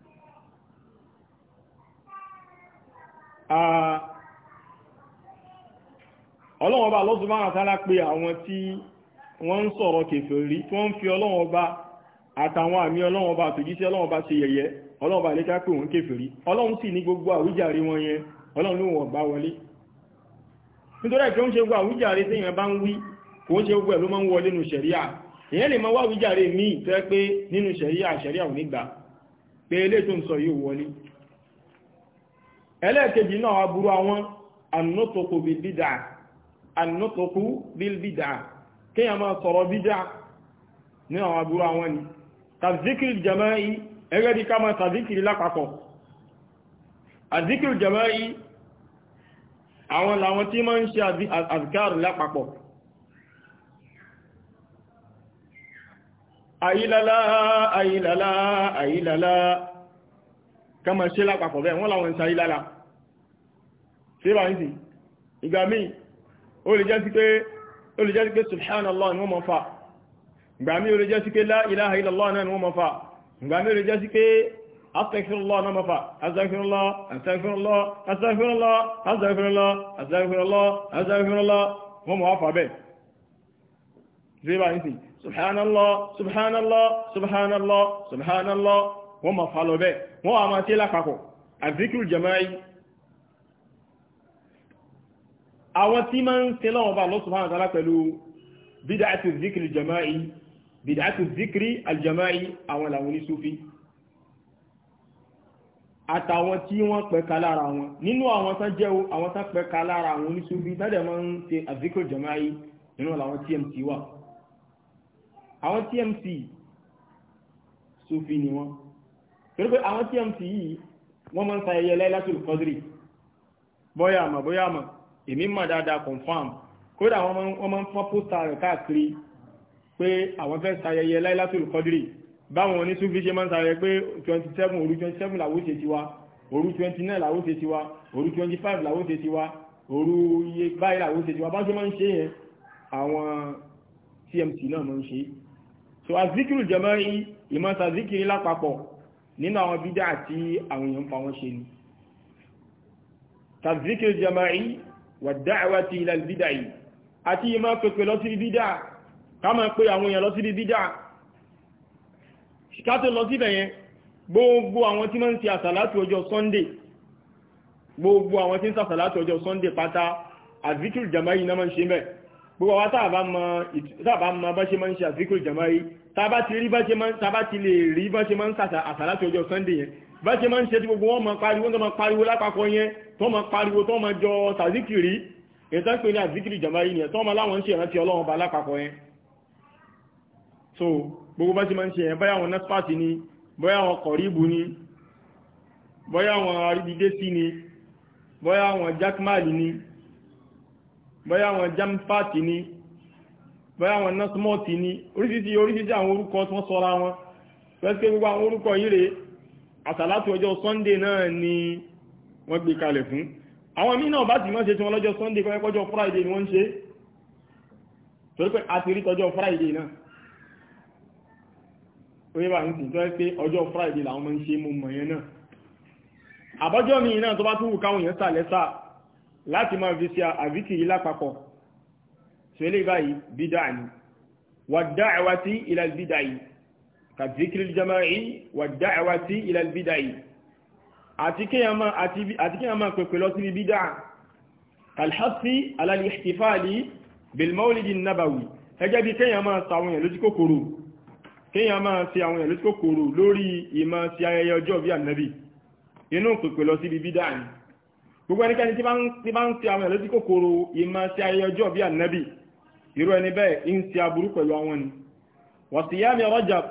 ọlọ́wọ́n ọba lọ́sùn bá àtàlá pé àwọn tí wọ́n ń sọ̀rọ̀ kèfèrí tí wọ́n ń fi ọlọ́wọ́n ọba àtàwọn àmì ọlọ́wọ́n ọba àtòjíṣẹ́ ọlọ́wọ́n ọba ṣe yẹ̀yẹ́ ọlọ́wọ́n ọba lè ká pé òun kèfèrí ọlọ́wọ́n sì ní gbogbo àwíjàre wọn yẹn ọlọ́run ló wọ̀n bá wọlé nítorí ẹ̀kẹ́ ń ṣe gbà wíjàre tí èèyàn bá ń wí kò gbogbo ẹ̀ ń wọlé nínú ṣẹ̀ríà èèyàn lè máa wá wíjàre míì tó pé nínú ṣẹ̀ríà ṣẹ̀ríà ò gbà pé ilé tó ń sọ yìí wọlé ẹlẹ́ẹ̀kejì náà aburú àwọn anótókò bídà anótókò bídà kéèyàn máa ni tàbíkìrì àwọn làwọn tí máa ń ṣe àzìkáàrù lápapọ̀ àyílálá àyílálá àyílálá kama ṣe lápapọ̀ bẹ́ẹ̀ wọ́n làwọn ìṣà àyílálá ṣe bá ń sì ìgbà míì ó lè jẹ́ sí pé ó lè jẹ́ sí pé subhanallah ni wọ́n mọ̀ fà ìgbà míì ó lè jẹ́ sí pé la ilaha illallah náà ni wọ́n mọ̀ fà ìgbà míì ó lè jẹ́ sí pé أستغفر الله نما فا أستغفر الله أستغفر الله أستغفر الله أستغفر الله أستغفر الله أستغفر الله wọ́n mọ̀ wá fà bẹ́ẹ̀ ṣe bá ń sì subhanallah subhanallah subhanallah subhanallah wọ́n mọ̀ fà lọ jama'i àwọn tí máa jama'i àwọn làwọn oníṣúfí àtàwọn tí wọ́n pẹ̀ka lára wọn nínú àwọn tán jẹ́ àwọn tán pẹ̀ka lára àwọn oníṣòbí tẹ́lẹ̀ máa ń ṣe àzíkò jamaí nínú àwọn TMC wà àwọn TMC Sufi ni wọ́n torí pé àwọn TMC yìí wọ́n máa ń sayẹyẹ Lailatul Qadri bóyá àmà bóyá àmà èmi mà dáadáa confam kódà wọ́n máa ń fọ́n pósítà rẹ̀ káàkiri pé àwọn fẹ́ sayẹyẹ Lailatul Qadri báwọn onísúfí ṣe máa ń sáré pé twenty seven òru twenty seven làwọn ṣe ti wa òru twenty nine làwọn ṣe ti wa òru twenty five làwọn ṣe ti wa òru iye báyìí làwọn ṣe ti wa bá ṣe máa ń ṣe yẹn àwọn tmc náà máa ń ṣe so azikiru jẹmọ ìmọ̀sá zikiri lápapọ̀ nínú àwọn bídá àti àwọn èèyàn fa wọn ṣe ni tazikiru jẹmọ wà dáàwà ti ilẹ̀ bídá yìí àti ìmọ̀ pẹ̀pẹ̀ lọ sí bídá ká máa pé àwọn èèyàn lọ sí bídá ṣìkátó lọ síbẹ̀ yẹn gbogbo àwọn tí máa ń ṣe àsàlátù ọjọ́ sunday gbogbo àwọn tí ń sàsàlátù ọjọ́ sunday pátá àdìkìrì jàmáyì náà máa ń ṣe mẹ́ gbogbo wa táàbá mọ bá ṣe máa ń ṣe àdìkìrì jàmáyì tábá ti lè rí bá ṣe máa ń sàtà àsàlátù ọjọ́ sunday yẹn bá ṣe máa ń ṣe tí gbogbo wọn máa pariwo tó máa pariwo lápapọ̀ yẹn tó máa pariwo tó máa jọ sàzíkìrì ìtàn pé ní àdìkìrì jàmáyì yẹn tó máa láwọn ń ṣe ìrántí ọlọ́run so gbogbo bá ti máa ń ṣe ẹ̀ báyàwọn nẹ́spàtì ni báyàwọn kọ̀ríbù ni báyàwọn aríbidésí ni báyàwọn jákmàlì ni báyàwọn jámpàtì ni báyàwọn nẹ́smọ́tì ni oríṣiríṣi oríṣiríṣi àwọn orúkọ tí wọ́n sọra wọn pẹ́sẹ́ gbogbo àwọn orúkọ yìí rèé àsàlátù ọjọ́ sunday náà ni wọ́n gbé kalẹ̀ fún àwọn míì náà bá ti máa ṣe tí wọ́n lọ́jọ́ sunday kọ́jọ́ friday ni wọ́n ń ṣe torí pé àti rí tọjọ́ friday náà oye bá ń sìn tó ẹ́ pé ọjọ́ friday làwọn máa ń ṣe mú mọ̀ yẹn náà àbọ́jọ́ mi náà tó bá tún wù káwọn èèyàn sà lẹ́sà láti máa fi ṣe àvíkì yìí lápapọ̀ ṣẹlẹ̀ báyìí bídà ni wà dáẹ̀wá sí ilẹ̀ bídà yìí kàtíkìrì jamari wà dáẹ̀wá sí ilẹ̀ bídà yìí àti kéèyàn máa pèpè lọ síbi bídà kàlhásí alálìhtifáàlì bilmaulidin nabawi ẹgẹ́ bí kéèyàn máa sàwọn èèyàn lójú kòkòrò kéèyàn máa ṣe àwọn èèyàn lóṣù kòkòrò lórí ìmọ̀ ti ayẹyẹ ọjọ́ bí ànábì inú pèpè lọ síbi bídà ni gbogbo ẹnikẹ́ni tí bá ń ṣe àwọn èèyàn lóṣù kòkòrò ìmọ̀ ti ayẹyẹ ọjọ́ bí ànábì irú ẹni bẹ́ẹ̀ ń ṣe aburú pẹ̀lú àwọn ni wàsíyámi Rajab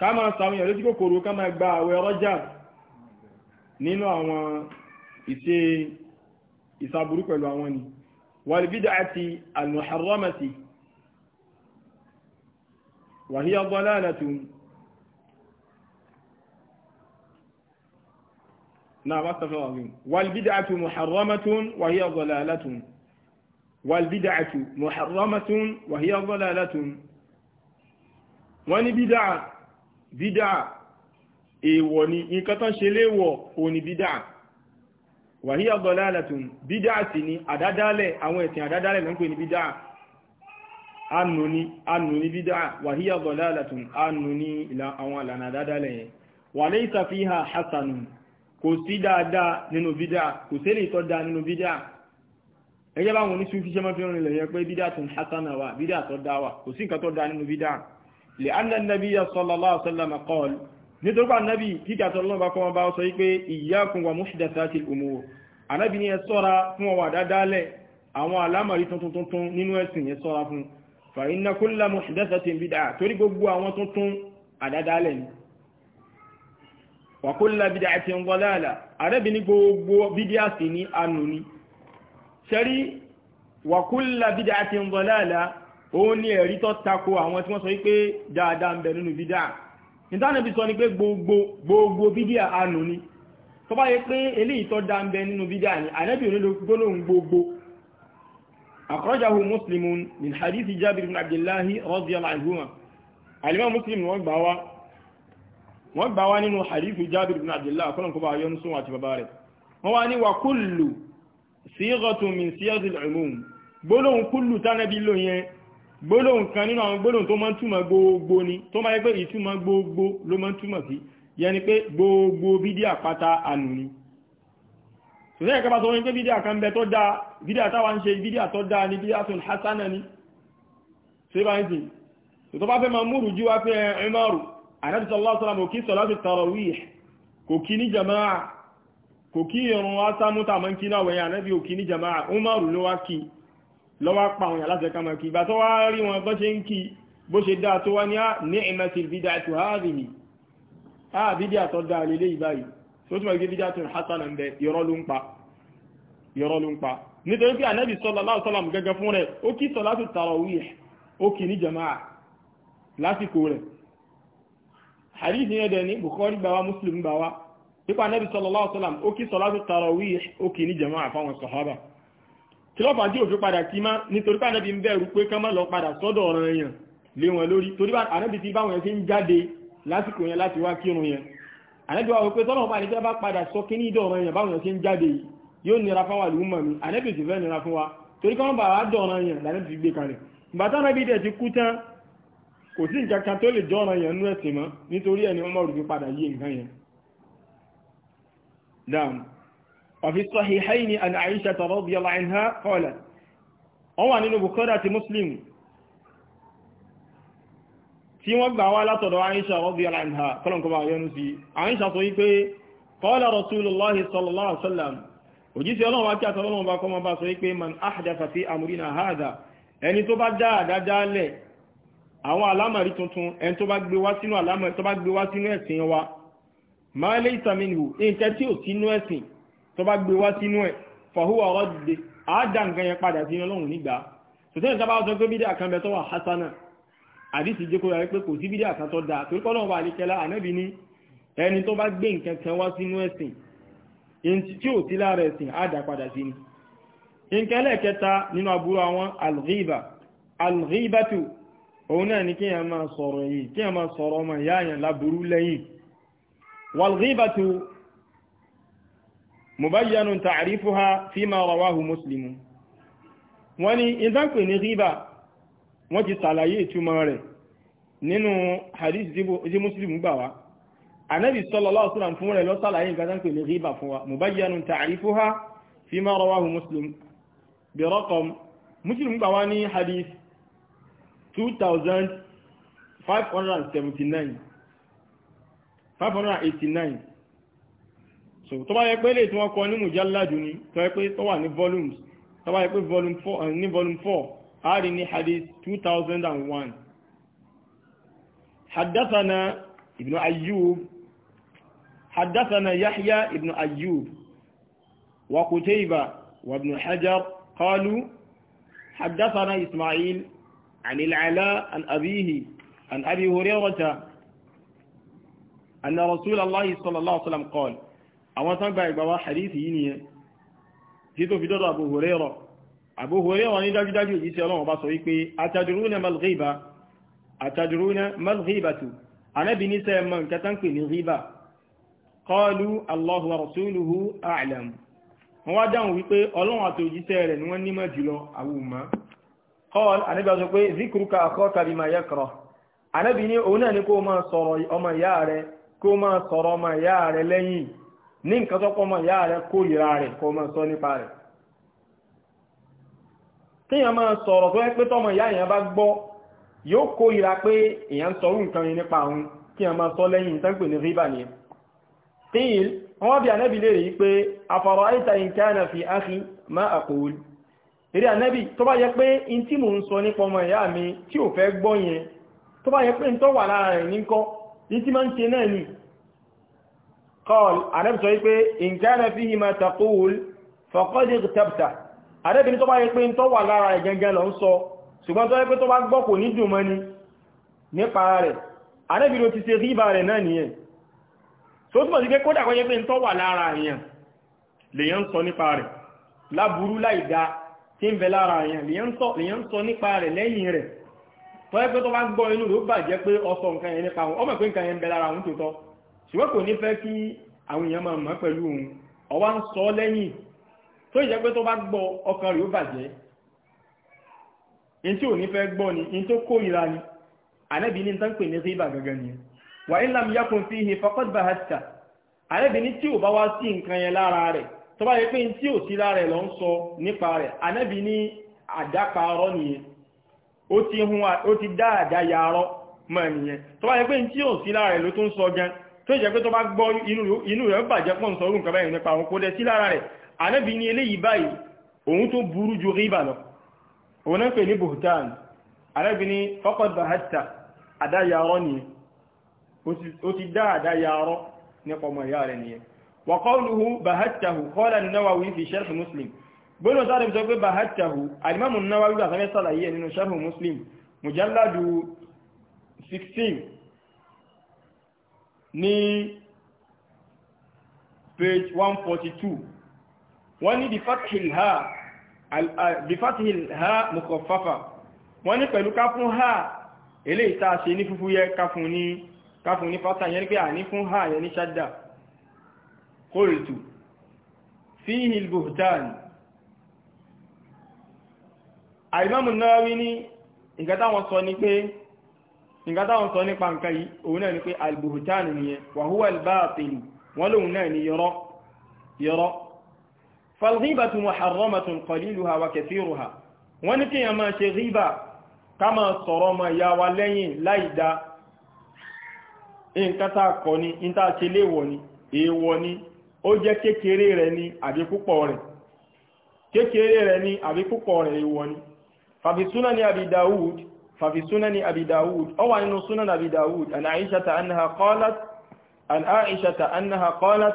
ká máa ṣe àwọn èèyàn lóṣù kòkòrò ká máa gba àwẹ̀ Rajab nínú àwọn ìṣe ìṣàbùrú وهي ضلالة نعم أستغفر العظيم والبدعة محرمة وهي ضلالة والبدعة محرمة وهي ضلالة wọ́n ní bídà bídà èèwọ̀ ni nǹkan tán ṣe léèwọ̀ o ni bídà wàhíyà dalalatun bídà sì ni àdádálẹ̀ àwọn ẹ̀sìn àdádálẹ̀ ló ń pè ní bídà anu ni anu ni bid'a wa hiya dalalatun anu ni ila àwọn alana dada lẹ́yìn wa laysa fiha hasanun kò sí dáadáa nínú bid'a kò sí lè tó dáa nínú bid'a ẹjẹ́ báwọn oníṣù fi ṣe máa fi rìn lẹ́yìn pé bid'a tún hasana wa bid'a tó dáa wa kò sí nǹkan tó dáa nínú bid'a li anna nabiyya sallallahu alaihi wasallam qala nítorí pé anabi kíkà sallallahu bá kọ́ wọn bá sọ pé iyyakum wa muhdathatil umur anabi ni ẹ sọ́ra fún ọwọ́ àdádálẹ̀ àwọn tuntun tuntun nínú ẹ̀sìn yẹn sọ́ra fún fa inna kulla muhdathatin bid'ah torí gbogbo àwọn tuntun àdádálẹ̀ ni wa kulla bid'atin dalalah arẹ́bìní gbogbo bídíà sí ní anù ni ṣẹ́rí wa kulla bid'atin dalalah òun ni ẹ̀rí tó tako àwọn tí wọ́n sọ wípé dáadáa ń bẹ nínú bídíà ìtànàbí sọ ni pé gbogbo bídíà anù ni tó yẹ pé eléyìí tó dáa ń bẹ nínú bídíà ni àrẹ́bìnrin ló gbólóhùn gbogbo أخرجه مسلم من حديث جابر بن عبد الله رضي الله عنهما الإمام مسلم وقبوا وقبوا نينو حديث جابر بن عبد الله كلهم كبا ينسوا وتبارك هو أني وكل صيغة من صيغ العموم بلون كل تنبي له gbólóhùn kan nínú àwọn gbólóhùn tó máa ń túmọ̀ gbogbo ni tó máa yẹ pé ìtumọ̀ gbogbo ló máa ń sí yẹni pé gbogbo bídí àpáta ànú ni ìrẹ́ ìkàbà tó wọ́n pé bídíà kan bẹ tó dáa bídíà táwa ń ṣe bídíà tó dáa ní bídíà tó hasana ni ṣe bá ń sìn tó bá fẹ́ máa múrù jí wá pé ẹmọ́rù eh, ànábì jama'a kò kí ìrun wá sámúta mọ́ kí jama'a umaru ló wá kí lọ́wọ́ pa àwọn yàrá sẹ́ka máa kí ìgbà tó wá rí wọn bọ́ ṣe ń kí bó ṣe tó túnmọ̀ gé bídá tún hasana ń bẹ irọ́ ló ń pa irọ́ ló ń pa sallallahu alaihi wasallam gẹ́gẹ́ fún rẹ̀ ó kí salatu tarawih ó kì ní jama'a lásìkò rẹ̀ hadith yẹn dẹ̀ ní bukhari bàwá muslim bàwá nípa ànábì sallallahu alaihi wasallam ó kí salatu tarawih ó kì jama'a fáwọn sahaba kí lọ́pàá tí òfin padà kí má nítorí pé ànábì ń bẹ̀rù pé kán má lọ padà sọ́dọ̀ ọ̀ràn èèyàn lé wọn lórí torí ànábì wa wípé tọ́lọ̀ bá àdíjẹ́ bá padà sọ kí ní ìdọ̀rọ̀ èèyàn báwọn ṣe ń jáde yìí yóò nira fáwà lù mọ̀ mi ànábì sì fẹ́ nira fún wa torí kọ́ bá wàá dọ̀rọ̀ èèyàn lànàbì fi gbé kalẹ̀ ìgbà táwọn dẹ̀ ti kú tán kò sí nǹkan kan tó lè dọ̀rọ̀ èèyàn nú ẹ̀sìn mọ́ nítorí ẹni ọmọ rùgbé padà yí nǹkan yẹn. dam tí wọ́n gbà wá látọ̀dọ̀ Aisha radiyallahu anha kọ́lọ̀kọ́bà yọnu sí Aisha sọ wípé qala Rasulullahi sallallahu alaihi wasallam òjísí ọlọ́run wá kí àtọ́lọ́run bá kọ́mọ bá sọ wípé man ahdatha fi amrina hadha ẹni tó bá dáadáa dálẹ̀ àwọn alámàrí tuntun ẹni tó bá gbé wá sínú alámàrí tó bá gbé wá sínú ẹ̀sìn wa ma laysa minhu nǹkan tí ò sínú ẹ̀sìn àdìsí jẹ́ kó yára pé kò sí bídí àkàtọ́ da torí kọ́lọ́ wà níkẹ́lá ànábì ní ẹni tó bá gbé nǹkan kan wá sínú ẹ̀sìn tí ò sí lára ẹ̀sìn á dà padà sí ni nǹkan ẹlẹ́ẹ̀kẹta nínú aburú àwọn alghiba alghibatu òun náà ni kíyàn wọ́n ti ṣàlàyé ìtumọ̀ rẹ̀ nínú hadith tí muslim gbà wá anabi sallallahu alaihi wasallam fún rẹ̀ ló ṣàlàyé nǹkan tó ń pè ní ríbà fún wa mubayyanun ta'rifuha fima rawahu muslim bi raqam muslim gbà wá ní hadith 2579 589 so tó bá yẹ pé lè tí wọ́n kọ ní mujalladu ni tó yẹ pé tó wà ní volumes tó bá yẹ pé volume 4 أرني حديث 2001 حدثنا ابن أيوب حدثنا يحيى ابن أيوب وقتيبة وابن حجر قالوا حدثنا إسماعيل عن العلاء عن أبيه عن أبي هريرة أن رسول الله صلى الله عليه وسلم قال أما تنبع بابا حديث يني جيتوا في دور أبو هريرة Abu Hurairah ní dájúdájú ìjísí ọlọ́run bá sọ wípé atadruna mal ghiba atadruna mal ghibatu anábì ní sẹ́ mọ̀ nǹkan tán pè ní ghiba qalu Allahu wa rasuluhu a'lam wọ́n wá dáhùn wípé ọlọ́run àti òjíṣẹ́ rẹ̀ ni wọ́n nímọ̀ jùlọ àwọn ọmọ qal anábì sọ pé zikruka akhaka bima yakrah anábì ní òun náà ni kó máa sọ̀rọ̀ ọmọ ìyá rẹ̀ kó máa rẹ̀ kíyàn máa sọ̀rọ̀ tó ẹ́ pé tọ́mọ ìyá èèyàn bá gbọ́ yóò kó ìra pé èèyàn ń sọrú nǹkan yìí nípa àwọn kíyàn máa sọ lẹ́yìn ìtẹ́ǹpè ní ríbà ni kíyìn wọ́n bí anẹ́bì lè rí pé afọ̀rọ̀ àìta ìkẹ́ànà fi áhì má àkòwòl eré anẹ́bì tó bá yẹ pé in tí mò ń sọ nípa ọmọ fi hì má tàkòwòl àdẹ́bìnrin tó bá yẹ pé ń tọ́ wà lára ẹ̀ gẹ́gẹ́ lọ ń sọ ṣùgbọ́n tó yẹ pé tó bá gbọ́ ní dùn mọ́ ni nípa rẹ̀ àdẹ́bìnrin ti ṣe ríbà rẹ̀ náà nìyẹn tó túnmọ̀ sí pé kódà kọ́ yẹ pé ń tọ́ wà lára èèyàn lèyàn ń sọ nípa rẹ̀ láburú láìdá tí ń bẹ lára èèyàn lèyàn ń sọ nípa rẹ̀ lẹ́yìn rẹ̀ tó yẹ pé tó bá gbọ́ inú rẹ̀ ó bàjẹ́ pé ọsọ tó ìjẹ́ pé tó bá gbọ́ ọkàn rẹ̀ ó bàjẹ́ in tí ò ní fẹ́ gbọ́ ni in tó kórìíra ni ànábì ní tán pè ní sí ìbà gangan ni wà ní lam yakun fihi faqad bahatta ànábì ní tí ò bá wá sí nǹkan yẹn lára rẹ̀ tó bá yẹ pé in tí ò sí lára rẹ̀ lọ ń sọ nípa rẹ̀ ànábì ní àdáparọ́ nìyẹn ó ti hun ó ti dá àdáyà arọ́ mọ́ nìyẹn tó bá yẹ pé in tí ò sí lára rẹ̀ ló tún sọ gan tó ìjẹ́ pé tó bá gbọ́ inú rẹ̀ bàjẹ́ pọ̀ ń sọ orú nǹkan báyìí nípa àwọn kó dẹ sí lára rẹ̀ anábì ní eléyìí báyìí òun tó burú ju ríbà lọ òun náà pè ní buhtan anábì ní faqad bahasta àdáyàrọ́ nìyẹn ó ti dá àdáyàrọ́ nípa ọmọ ìyá rẹ̀ nìyẹn wa qawluhu bahatahu qala an-nawawi fi sharh muslim gbọ́nà sáré sọ pé bahatahu alimamu nawawi gbà sáré sàlàyé nínú sharh muslim mujalladu 16 ní page 142 wọ́n ní bifatihil ha mukọfafa wọ́n ní pẹ̀lú ká fún ha ilé ìta ṣe ní fúfú yẹ ká fún ní fata yẹn pé à ní fún ha yẹ ní ṣádà kóòlùtù fíhìl buhtan àìmọ́mù náà rí ní nǹkan sọ ní pé nǹkan sọ nípa nǹkan yìí falghibatu muharramatun qaliluha wa kathiruha wọ́n ní kíyàn máa ṣe ríbà ká máa sọ̀rọ̀ ma ya wa lẹ́yìn láìdá nǹkan tá kọ́ ni in tá ṣe léèwọ̀ ni èèwọ̀ ni ó jẹ́ kékeré rẹ̀ ni àbí púpọ̀ rẹ̀ kékeré rẹ̀ ni àbí púpọ̀ rẹ̀ èèwọ̀ ni fàfi súnà ni àbí dáwùd fàfi súnà ni àbí dáwùd ó wà nínú súnà ni àbí an aisha ta annaha qalat an aisha ta annaha qalat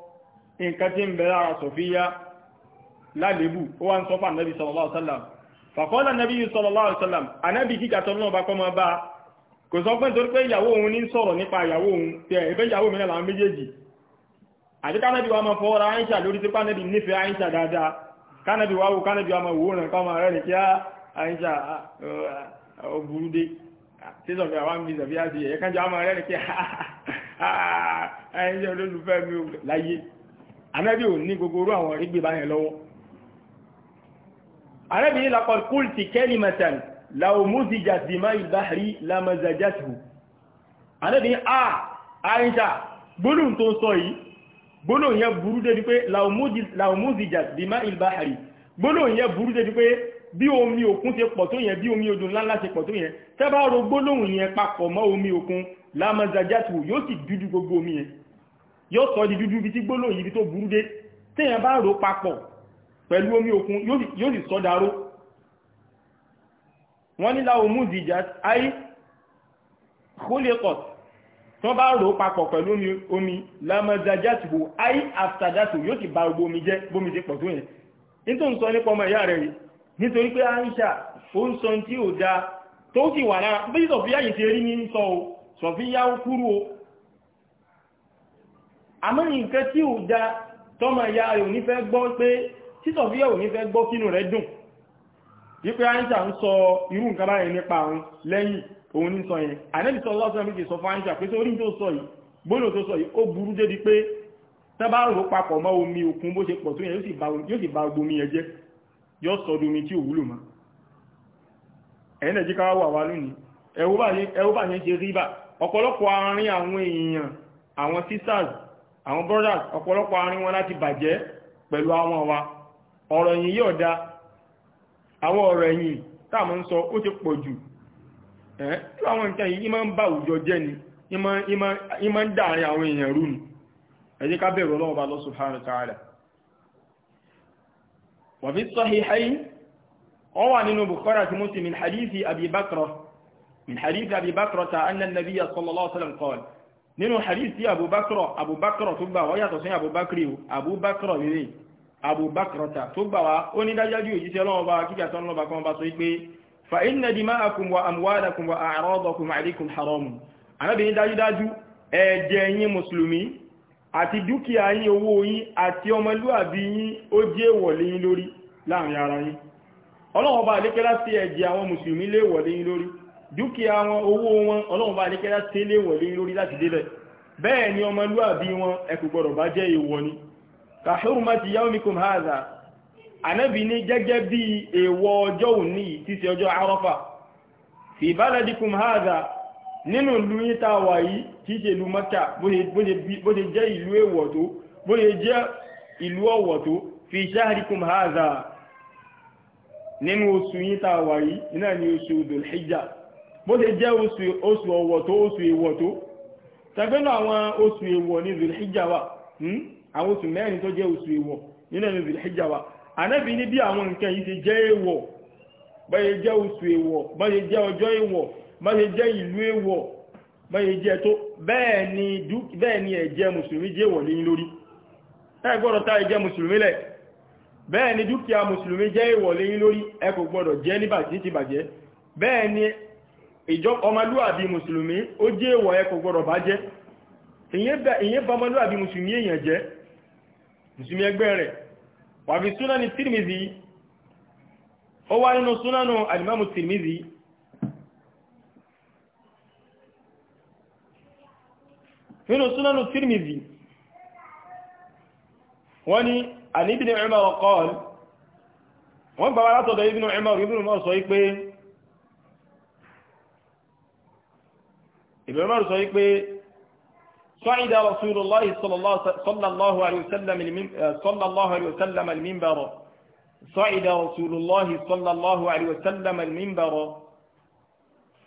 nǹkan tí ń bẹ̀rẹ̀ ara sọ̀fíyá lálébù ó wá ń sọ fún ànábì sallallahu alaihi wasallam fàkọ́lá nàbí sallallahu alaihi wasallam ànábì kíkà tó náà bá kọ́ máa bá kò sọ pé nítorí pé ìyàwó òun ní sọ̀rọ̀ nípa ìyàwó òun tẹ ẹ̀fẹ́ ìyàwó mi náà méjèèjì àti kánàbì wa máa fọwọ́ra àyíṣà lórí tí sọ̀fẹ́ àwọn mi sọ̀fẹ́ àti ẹ̀yẹ kánjọ́ máa rẹ̀ ní kí àyíṣà olólùfẹ́ mi láyé anábì ò ní gbogbo orú àwọn ìgbé báyẹn lọ́wọ́ anábì ní lakọ kúltì kalimatan laomuzija zima ibahri lamazajatu anábì ní ah, a àyíṣà gbólóhùn tó ń sọ yìí gbólóhùn yẹn burú débi pé laomuzija zima ibahri gbólóhùn yẹn burú débi pé bí omi òkun ṣe pọ̀ tó yẹn bí omi odò ńláńlá ṣe pọ̀ tó yẹn tẹ́ ro gbólóhùn yẹn papọ̀ mọ́ omi òkun lamazajatu yóò sì dúdú gbogbo omi yẹn yóò sọ di dúdú bí tí gbólò yìí tó burú dé téèyàn bá rò papọ̀ pẹ̀lú omi òkun yóò sì sọ dáró wọ́n nílá omú ìdìjà ayé kólẹ́kọ̀t tí wọ́n bá rò papọ̀ pẹ̀lú omi lámọ́dájátìbò ayé àfìtàjátì yóò sì bá gbogbo omi jẹ́ bómi ti pọ̀ tó yẹn nítorí sọ nípa ọmọ ìyá rẹ̀ sọ̀fíyá kúrú o àmọ́ nǹkan tí ò da tọ́mọ ìyá rẹ̀ ò ní fẹ́ gbọ́ pé títọ̀ fíyà ò ní fẹ́ gbọ́ kínú rẹ̀ dùn wípé àìsà ń sọ irú nǹkan báyìí nípa àwọn lẹ́yìn òun ní sọ yẹn ànẹ́bì sọ lọ́sọ̀ méjì sọ fún àìsà pé tó orí tó sọ yìí gbóòlò tó sọ yìí ó burú débi pé tẹ́ bá ba gbomi yẹn jẹ́ yóò sọ domi tí ò wúlò mọ́ yẹn ṣe rí bà ọ̀pọ̀lọpọ̀ àárín àwọn èèyàn àwọn sisters àwọn brothers ọ̀pọ̀lọpọ̀ àárín wọn láti bàjẹ́ pẹ̀lú àwọn wa ọ̀rọ̀ yìí yóò da àwọn ọ̀rọ̀ ẹ̀yìn táàmù ń sọ ó ti pọ̀ jù ẹ́ tí àwọn nǹkan yìí máa ń bá àwùjọ jẹ́ ni ìmọ̀ ń dáàrin àwọn èèyàn rú ni ẹ ká bẹ̀rù Ọlọ́run nínú hadisi àbúbákọ̀rọ̀ àbúbákọ̀rọ̀ tó gbà wá yàtọ̀ sí àbúbákọ̀rì o àbúbákọ̀rọ̀ rèé àbúbákọ̀rọ̀ta tó gbà wá ó ní dájájú òjíṣẹ́ ọlọ́run bá kíkà tán lọ́ba kan bá sọ pé fa inna dima'akum wa amwalakum wa a'radakum alaykum haram anabini dájú dájú ẹ̀jẹ̀ yín mùsùlùmí àti dúkìá yín owó yín àti ọmọlúàbí yín ó jẹ́ wọ̀lé yín lórí láàrin ara yín ọlọ́run bá lékẹ́lá sí ẹ̀jẹ̀ àwọn mùsùlùmí lé dúkìá wọn owó wọn ọlọ́run bá níkẹ́lá tẹ́lẹ̀ wọ̀n lé lórí láti délẹ̀ bẹ́ẹ̀ ni ọmọlúàbí wọn ẹ kò gbọdọ̀ bá jẹ́ èèwọ̀ ni ka hurmati yawmikum hadha anábì ní gẹ́gẹ́ bí èèwọ̀ ọjọ́ òní tí sí ọjọ́ arọ́fà fi baladikum hadha nínú ìlú yíta wà yìí tí ṣe ìlú Mẹ́kà bó ṣe jẹ́ ìlú ọ̀wọ̀ tó fi shahrikum hadha nínú oṣù yíta wà yìí náà ni oṣù dhul bó ṣe jẹ́ oṣù ọ̀wọ̀ tó oṣù èèwọ̀ tó tẹgbẹ́nu àwọn oṣù èèwọ̀ ní zulhijja wa hmm? àwọn oṣù mẹ́rin tó jẹ́ oṣù èèwọ̀ nínú ẹni zulhijja wa ànábì ní bí àwọn nǹkan yìí ṣe jẹ́ èèwọ̀ bá ṣe jẹ́ oṣù èèwọ̀ bá ṣe jẹ́ ọjọ́ èèwọ̀ bá ṣe jẹ́ ìlú èèwọ̀ bá ṣe jẹ́ tó bẹ́ẹ̀ ni ẹ̀jẹ̀ mùsùlùmí jẹ́ èèwọ̀ lẹ́yìn lórí ẹ gbọ́dọ̀ ta mùsùlùmí lẹ̀ bẹ́ẹ̀ ni dúkìá mùsùlùmí jẹ́ èèwọ̀ lẹ́yìn lórí ẹ gbọ́dọ̀ jẹ́ ní bàjẹ́ bẹ́ẹ̀ ni ìjọ ọmọlúwàbí mùsùlùmí ó jẹ́ ìwọ̀ ẹ kò gbọdọ̀ bá jẹ́ ìyẹn bá ọmọlúwàbí mùsùlùmí èèyàn jẹ́ mùsùlùmí ẹgbẹ́ rẹ̀ wà fi súnánì tìrìmìzì ó wá nínú súnánù àlìmámù tìrìmìzì nínú súnánù tìrìmìzì wọ́n ní àníbìnrin Umar qala wọ́n gbà wá látọ̀dọ̀ ibn Umar ibn Umar ibn Umar sọ wípé sa'ida rasulullah sallallahu alayhi wa sallam al-minbara sa'ida rasulullah sallallahu alayhi wa sallam al-minbara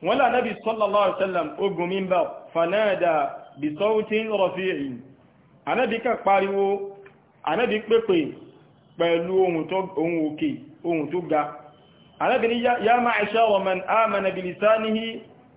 eh, wọ́n lá nábi sallallahu alayhi wa sallam ogun minbar fanada bi sautin rafi'in anábi kan pariwo anábi pépè pẹ̀lú ohun òkè ohun tó ga anábi ni ya ma'ashara man amana bi lisanihi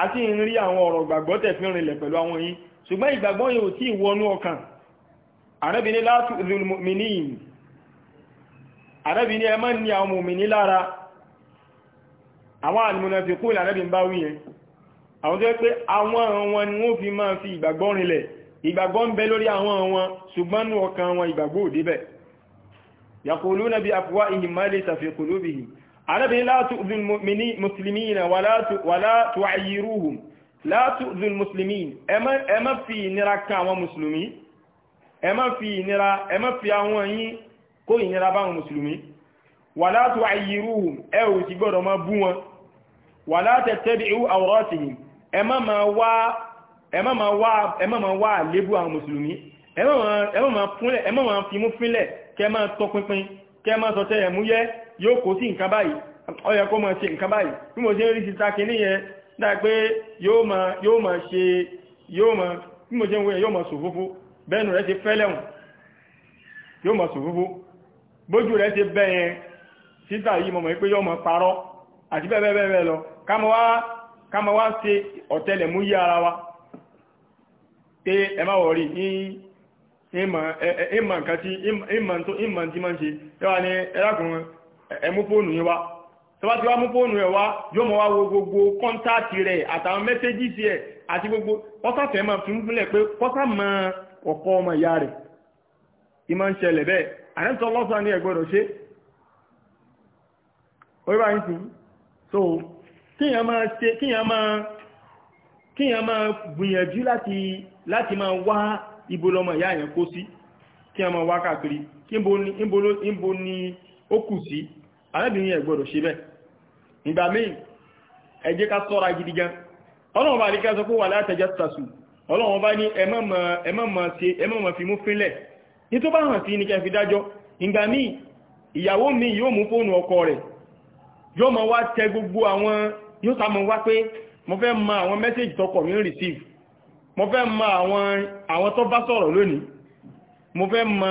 àti ìrí àwọn ọ̀rọ̀ gbàgbọ́ tẹ̀fí rinlẹ̀ pẹ̀lú àwọn yìí ṣùgbọ́n ìgbàgbọ́ yóò tí ìwọnú ọkàn àrẹ́bìnrin láti mìíní àrẹ́bìnrin ẹmọ́ ni àwọn mòmìnì lára àwọn àlùmùnáfíkùn àrẹ́bìn bá wí yẹn àwọn tó pé àwọn wọn ni wọ́n fi máa fi ìgbàgbọ́ rinlẹ̀ ìgbàgbọ́ ń bẹ lórí àwọn wọn arábìnrin látú muslimina wàlátù àyírúhùn látú zul muslimin ẹ má fi ìnira kan àwọn musulmi ẹ má fi ìnira ẹ má fi àwọn yín kó ìnira bá àwọn musulmi wàlátù àyírúhùn ẹ ò sì gbọ́dọ̀ má bú wọn wàlátù tẹ́bìí àwọ̀rọ̀tìhìn ẹ má ma wá ẹ má ma wá ẹ má ma wá àlébù àwọn mùsùlùmí ẹ má ma fúnlẹ̀ ẹ ma fi mú fínlẹ̀ kẹ má tọpinpin kẹ má sọ tẹ́yẹ̀múyẹ́ yóò kó sí nǹkan báyìí ó yẹ kó máa ṣe nǹkan báyìí bí mo ṣe ń rí ta kìíní dáa pé yóò máa ṣe yóò máa bí mo ṣe ń wé yóò sòfófó bẹ́ẹ̀nù rẹ̀ ti fẹ́lẹ̀wọ̀n yóò máa sòfófó bójú rẹ̀ ti bẹ́ẹ̀ títà yìí mọ̀mọ̀ pé yóò máa parọ́ àti bẹ́ẹ̀ bẹ́ẹ̀ bẹ́ẹ̀ lọ ara wa ma ẹ mú fóònù yín wá tọ́ba ti wá mú fóònù ẹ̀ wá yóò mọ̀ wá wo gbogbo kọ́ńtáàtì rẹ̀ àtàwọn mẹ́sẹ́jì sí ẹ̀ àti gbogbo kọ́sà fẹ́ máa fi ń fúnlẹ̀ pé kọ́sà ọ̀pọ̀ ọmọ ìyá rẹ̀ ìmọ̀ ń ṣẹlẹ̀ bẹ́ẹ̀ àrẹ́sọ lọ́sàn ní ẹ̀gbọ́dọ̀ ṣe orí bá ń so kíyàn máa ṣe kíyàn máa kíyàn máa gbìyànjú láti láti máa wá ibo lọmọ ìyá yẹn kó káàkiri kí ń bo ní ó sí arábìnrin na gbọ́dọ̀ ṣe bẹ́ẹ̀ ìgbà míì ẹ jẹ́ ká ṣọ́ra gidi gan ọlọ́run bá àríkà sọ pé wà látẹjá sàṣù ọlọ́run bá ní ẹ fi mú fínlẹ̀ ní tó bá hàn sí ní kẹfì dájọ́ ìgbà míì ìyàwó mi yóò mú fóònù ọkọ rẹ̀ yóò wá tẹ gbogbo wa ma receive ma ma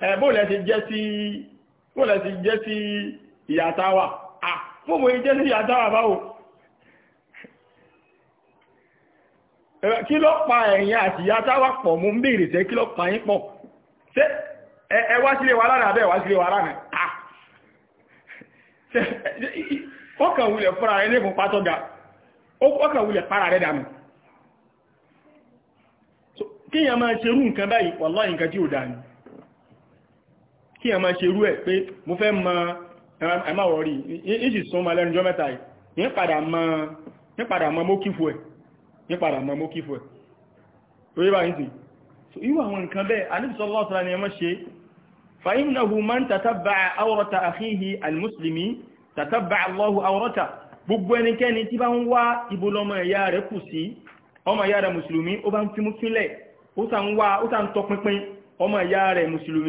bóòlẹ̀ ti jẹ́ sí ìyàtàwà fóòmù ìjẹ́ sí ìyàtàwà báwo kí ló pa ẹ̀yìn àti ìyàtàwà pọ̀ mú ń bèèrè tẹ́ kí ló pa yín pọ̀ ṣé ẹ sílé wa lánàá bẹ́ẹ̀ wá sílé wa lánàá fara rẹ̀ dànù ṣerú nǹkan báyìí ò dànù kí ẹ máa ṣe rú ẹ̀ pé mo fẹ́ mọ ẹ má wọ̀rí ìjì sún ma lẹ́nu jọ mẹ́ta yìí ní padà mọ mókífù ẹ̀ ní padà mọ mókífù ẹ̀ orí bá ń sìn so irú àwọn nǹkan bẹ́ẹ̀ alìsọ́lọ́sọ́lá ni ẹ má ṣe fa'innahu man tatabba'a awrata akhihi almuslimi tatabba'a Allahu awrata gbogbo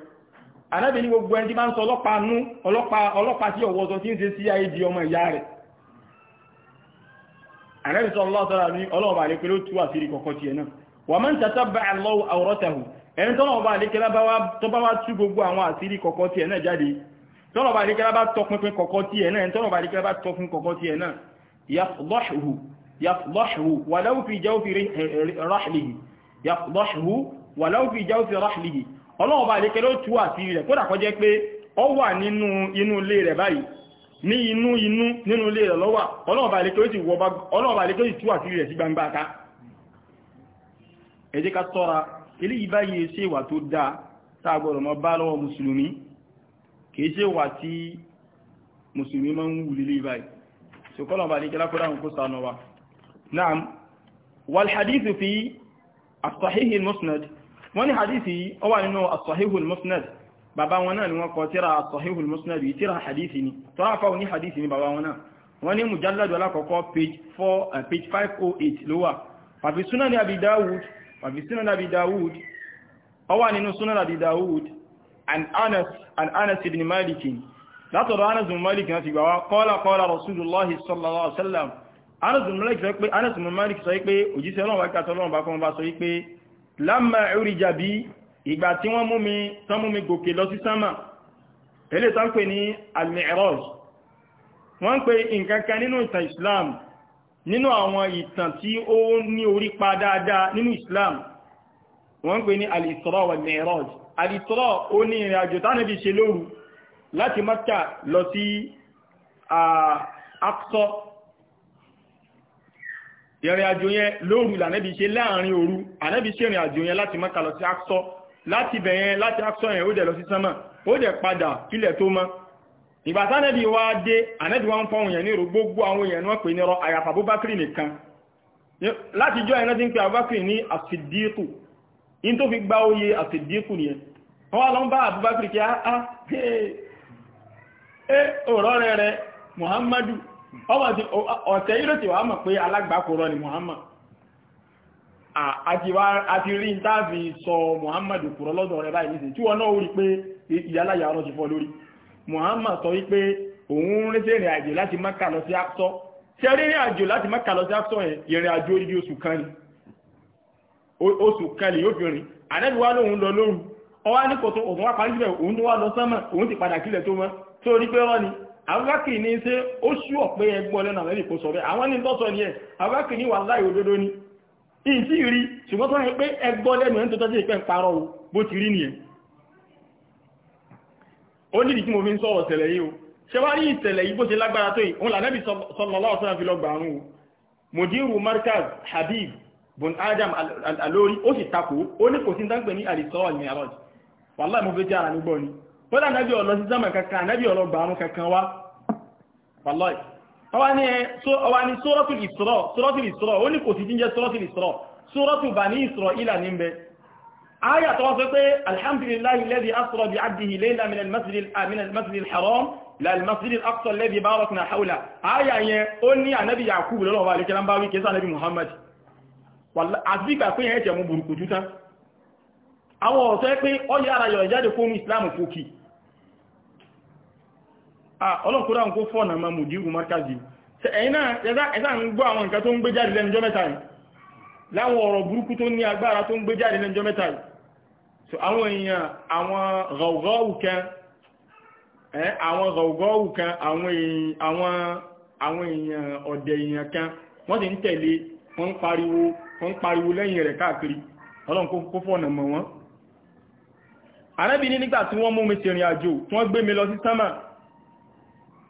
anábì ní gbogbo ẹni tí bá ń sọ ọlọ́pàá nú ọlọ́pàá tí ọ̀wọ́sọ tí ń ṣe sí ayé di ọmọ ìyá rẹ̀ anábì sọ ọlọ́ọ̀tọ́ra ní ọlọ́ọ̀bà lè pẹ̀lú tú àṣírí kọ̀kọ́ tiẹ̀ náà wà máa ń tàtà bá àlọ́wọ́ àwọ̀rọ̀tẹ̀hù ẹni tọ́lọ̀ọ̀bà lè kẹ́lá bá wá tú gbogbo àwọn àṣírí kọ̀kọ́ tiẹ̀ náà jáde tọ́lọ̀ọ̀bà lè kẹ́lá bá tọpinpin kọ̀kọ́ tiẹ̀ náà tọ́lọ̀ọ̀bà lè kẹ́lá bá ọlọ́run bá lékẹ́ ló tú àti rẹ̀ kódà kọjẹ́ pé ọ wà nínú inú ilé rẹ̀ báyìí ní inú inú nínú ilé rẹ̀ lọ́wà ọlọ́run bá lékẹ́ ó tú àti rẹ̀ sí gbangba ká ẹ jẹ́ ká tọ́ra ilé ìbáyìí ṣe wà tó dáa tágbọ̀rọ̀ mọ́ wọ́n ní hadithi yìí ó wà nínú asahihul musnad bàbá wọn náà ni wọ́n kọ tíra asahihul musnad yìí tíra hadithi ni tọ́ra fáwọn ní hadithi ni bàbá wọn náà wọ́n ní mujalladu alákọ̀ọ́kọ́ page 4 uh, 508 ló wà pàfi sunan abi dawud pàfi sunan abi dawud ó wà nínú sunan abi dawud an anas an anas ibn malik látọ̀dọ̀ anas ibn malik náà ti gbà wá qala qala rasulullahi sallallahu alaihi wasallam anas ibn malik sọ pé òjíṣẹ́ ọlọ́run bá kàtọ́ ọlọ́run bá lámà oríjà bí ìgbà tí wọ́n mú mi tán mú mi gòkè lọ sí sánmà ilé tán ní al wọ́n ń pè nǹkankan nínú ìtàn islam nínú àwọn ìtàn tí ó ní orí pa dáadáa nínú islam wọ́n ń pè ní al-isra wal-mi'raj al-isra ó ní ìrìn àjò tánàbí ṣe lóru láti Mákkà lọ sí Aqsa ìrìn àjò yẹn lóru lànàbí ṣe láàrin òru ànàbí ṣe ìrìn àjò yẹn láti Mákà lọ sí Aksọ láti bẹ̀ yẹn láti Aksọ yẹn ó dẹ̀ lọ sí sánmà ó dẹ̀ padà kílẹ̀ tó mọ́ ìgbà tánàbí wá dé ànàbí wá ń fọ́hùn yẹn nírò gbogbo àwọn èèyàn wọ́n pè ní rọ àyàfà Abubakar nìkan láti jọ ẹ̀rọ tí ń pe Abubakar ní àfìdíkù in tó fi gba oyè àfìdíkù nìyẹn wọ́n wá lọ ń bá Abubakar kí á á ẹ̀ ọ̀rọ̀ rẹ̀ rẹ̀ Muhammadu ọ̀tẹ̀ yìí ló ti wà mọ̀ pé alágbàkúrọ ni Muhammad àti rí ìtàbí sọ Muhammad kúrọ lọ́dọ̀ rẹ̀ báyìí nìsìn tí wọ́n náà rí pé ìyáláyà ọ̀rọ̀ ti fọ́ lórí Muhammad sọ wípé òun rẹ́sẹ̀ ìrìn àjò láti Mákà sí ìrìn àjò láti Mákà lọ sí Aksọ́ ni oṣù kan lè yóò fi rìn ànẹ́bí wá lóhun lọ lóru ọwá ní kò tó òun wá parí síbẹ̀ òun tó wá lọ sánmà òun ti padà kílẹ̀ abubakar ní ṣe ó ṣú ọ̀pẹ ẹgbọ́n lẹ́nu àmẹ́rì kò sọ bẹ́ẹ̀ àwọn ní tọ́sọ ni ẹ̀ abubakar ní wàláhì òdodo ni ìyìn tí rí ṣùgbọ́n tó rẹ̀ pé ẹgbọ́n lẹ́nu ẹ̀ ń tọ́jú ìpẹ́ ń parọ́ o bó ti rí ó mo fi ń sọ̀rọ̀ tẹ̀lẹ̀ yìí o ṣe wá ní ìtẹ̀lẹ̀ yìí bó ṣe lágbára tó yìí lànàbì sallallahu o markaz habib bun alori ó sì takò wàlọ́ì ọwá ní sórọ́tù ìsọ́rọ̀ sórọ́tù ìsọ́rọ̀ ó ní kò sí jíjẹ́ sórọ́tù ìsọ́rọ̀ sórọ́tù bà ní ìsọ́rọ̀ ìlà ní bẹ ayà tó wọ́n sọ pé alhamdulillahi lẹ́dí asọ́rọ̀ bí abdihi lẹ́lá ah, min al-masjid al-haram ila al-masjid al-aqsa lẹ́dí barakna hawla ayà yẹn ó ní ànábì yakubu lọ́wọ́ wa lẹ́kẹ́lá ń bá wí kẹsà ànábì muhammad àti Ah, ọlọ́kúnrà ń kó fọ́nà ma mùdírù markazi ẹ̀yìn náà ẹ̀sà ń gbọ́ àwọn nǹkan tó ń gbé jáde lẹ́njọ́ mẹ́ta yìí láwọn ọ̀rọ̀ burúkú tó ní agbára tó ń gbé jáde lẹ́njọ́ mẹ́ta yìí so àwọn èèyàn àwọn gọ̀ọ̀gọ́wù kan àwọn gọ̀ọ̀gọ́wù kan àwọn èèyàn ọ̀dẹ̀ èèyàn kan wọ́n ti ń tẹ̀lé wọ́n ń pariwo wọ́n ń pariwo lẹ́yìn rẹ̀ káàkiri ọlọ́run kó fọ́nà mọ̀ wọ́n arábìnrin nígbà tí wọ́n mú mi ṣèrìn àjò tí wọ́n gbé mi lọ sí sánmà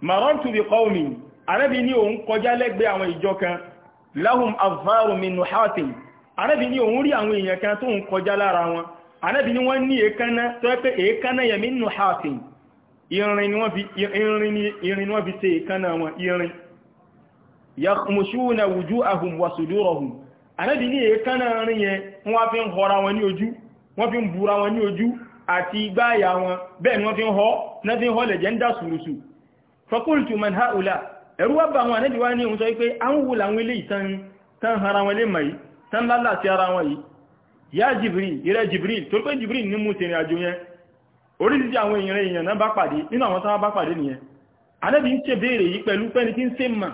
marantu bi qawmin anábì ní òun kọjá lẹ́gbẹ̀ẹ́ àwọn ìjọ kan lahum afáàrùn min nuhatin anábì ní òun rí àwọn èèyàn kan tó ń kọjá lára wọn anábì ní wọ́n ní èékánná tó yẹ pé èékánná min nuhatin irin ni wọ́n fi ṣe èékánná wọn irin yakhmushuna wujuhahum wa sudurahum anábì ní ekana rin yẹn wọ́n fi ń họra wọn ní ojú wọ́n fi ń bura wọn ní ojú àti igbáyà wọn bẹ́ẹ̀ ni wọ́n fi ń họ náà fi ń họ lẹ̀jẹ̀ ń dà sùrùsù fọkúlùtù man haula ẹ̀rú wá bá wọn ànábì wá ní òun sọ wípé a ń wù láwọn ilé ìtàn tán ara wọn lè mọ̀ yìí tán lálà sí ara wọn yìí yá jibril ìrẹ́ jibril tó pé jibril ní mú àjò yẹn oríṣiríṣi àwọn èèyàn èèyàn náà bá pàdé nínú àwọn táwọn bá pàdé nìyẹn ànábì ń ṣe béèrè yìí pẹ̀lú pẹ́ni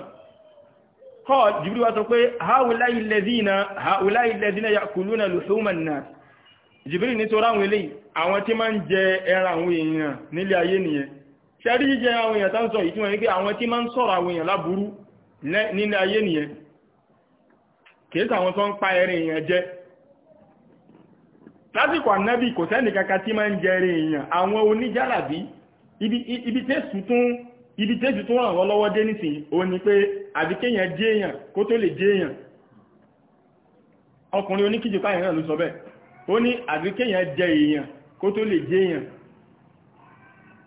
jibril wá sọ pé haula àwọn tí máa ń jẹ ẹran àwọn èèyàn nílé ayé nìyẹn ṣẹ́rí jíjẹ àwọn èèyàn n ń sọ ìtumọ̀ wípé àwọn tí máa ń sọ̀rọ̀ àwọn èèyàn láburú nílé ayé nìyẹn kìí sàwọn tó ń pa ẹrin èèyàn jẹ lásìkò ànábì kò sẹ́ni kankan tí máa ń jẹ ẹrin èèyàn àwọn oníjàlàbí ibi tẹ́sù tún ibi ràn wọ́n lọ́wọ́ dé nísìnyí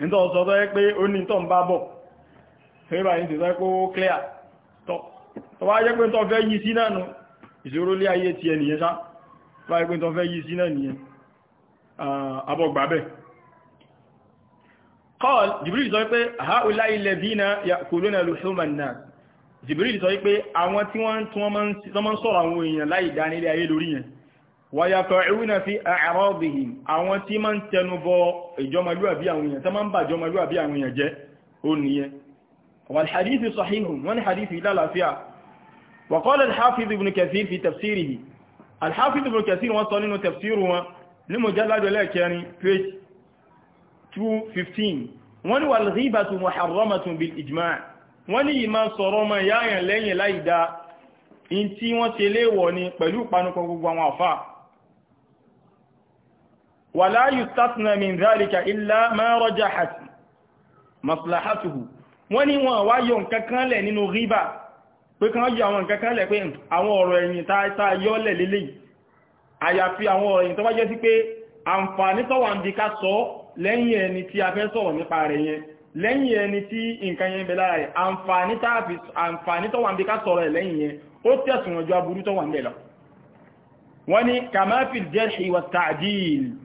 nítọ́ sọ tọ́ pé ó ní tọ́ ń bá bọ̀ fẹ́bà ní tọ́ pé clear tọ́ wá jẹ́ pé tọ́ fẹ́ yí sí náà nù ìṣòro lé ayé ti ẹnìyẹn sá wá jẹ́ pé tọ́ fẹ́ yí sí náà nìyẹn abọ́gbàbẹ̀ kọ́ọ̀l Jibril sọ pé ha ulá luhuman nas Jibril sọ pé àwọn tí wọ́n tún wọ́n mọ́ ń sọ̀rọ̀ àwọn èèyàn láì dá nílé wàyàfẹ̀ẹ́rúnà fi àrọ́bìhìn àwọn tí máa ń tẹnubọ ìjọmọlúwàbí àwọn èèyàn tó máa ń bà ìjọmọlúwàbí àwọn èèyàn jẹ́ ó nìyẹn والحديث صحيح وان حديث لا لا فيها وقال الحافظ ابن كثير في تفسيره الحافظ ابن كثير وصل انه تفسيره لمجلد لكن page 215 وان والغيبة محرمة بالإجماع وان ما صرما يا لين لايدا انتي وان تلي وني pẹ̀lú panuko gbogbo àwọn afa ولا يستثنى من ذلك إلا ما رجحت مصلحته wọ́n ní wọn wá yọ nǹkan kan lẹ̀ nínú ríbà pé kan yọ àwọn nǹkan kan lẹ̀ pé àwọn ọ̀rọ̀ ẹ̀yìn tàà yọ́ lẹ̀ lélẹ̀ àyàfi àwọn ọ̀rọ̀ ẹ̀yìn tó bá jẹ́ sí pé àǹfààní tọ́wà ń bí ká sọ lẹ́yìn ẹni tí a fẹ́ sọ̀rọ̀ nípa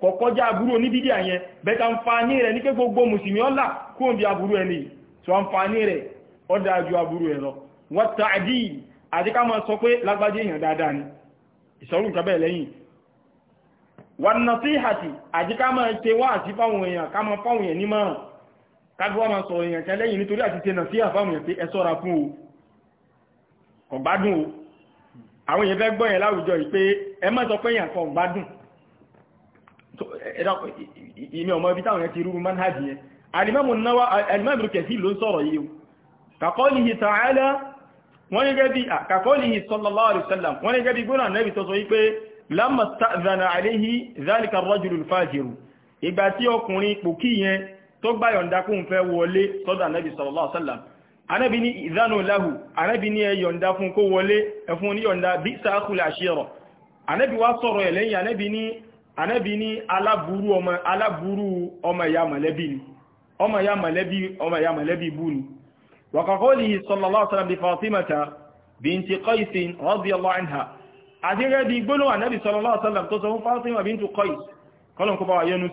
kọ̀kọ́já aburú oníbídí àyẹn bẹ́ta àǹfààní rẹ̀ ní pé gbogbo mùsùlùmí ọlá kúrò bí aburú ẹni tó àǹfààní rẹ̀ ọdá ju aburú ẹ̀ lọ wọ́n tààdí àti ká máa sọ pé lágbájé ni ìṣọ́rùn kan bẹ́ẹ̀ lẹ́yìn wọ́n nà sí ìhàtì àti ká máa ṣe wá àti fáwọn èèyàn ká máa fáwọn èèyàn nímọ̀ràn kágbó wá máa sọ èèyàn kan lẹ́yìn nítorí àti àwọn èèyàn fẹ́ gbọ́ yẹn láwùjọ yìí pé sọ pé èèyàn kan gbádùn ìmí ọmọ ibi táwọn yẹn ti rúrú manhajì yẹn alimamu náwà alimamu kẹfì ló ń sọ̀rọ̀ yìí kàkọ́lìhì tààlà wọ́n ní gẹ́bí kàkọ́lìhì sallallahu alaihi wasallam wọ́n ní gẹ́bí gbọ́nà nẹ́bí tó sọ wípé lamma sta'dhana anábi ní ìdánù láhù anábi ní ẹyọ̀nda fún kó wọlé ẹfún ní yọ̀nda bí sáàkùlẹ̀ àṣírọ̀ anábi wá sọ̀rọ̀ ẹ̀ anábi ní anabi ní aláburú ọmọ aláburú ọmọ ìyá mọ̀lẹ́bí ni ọmọ ìyá mọ̀lẹ́bí ọmọ ìyá mọ̀lẹ́bí bú ni wa ka qawlihi sallallahu alaihi wasallam bi fatimata binti qais radiyallahu anha àti gẹ́gẹ́ bí gbólóhùn anabi sallallahu alaihi wasallam tó sọ fún fatima bintu qais kọ́lọ̀n kó bá wà yẹnu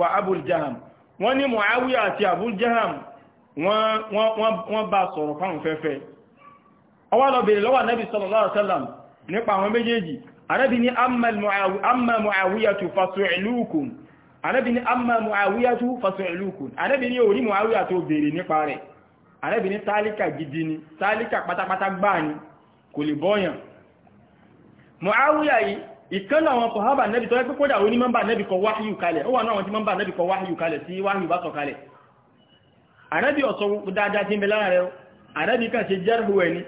wa qad jaham wọ́n ní muawiya àti abul jaham wọ́n bá sọ̀rọ̀ fáwọn fẹ́fẹ́ ọwọ́ lọ bèèrè lọ́wọ́ nẹ́bí sallallahu alaihi wasallam nípa àwọn méjèèjì anábi ni amma mu'awiyatu fasu'ilukum anábi ni amma mu'awiyatu fasu'ilukum anábi ni orí mu'awiyatu bèèrè nípa rẹ̀ anábi ni tálíkà gidi ni ni kódà ó mọ́mbà kọ kalẹ̀ ànábì ọ̀sọ̀ dáadáa tí ń bẹ lára rẹ̀ ànábì kan ṣe jarhu ẹni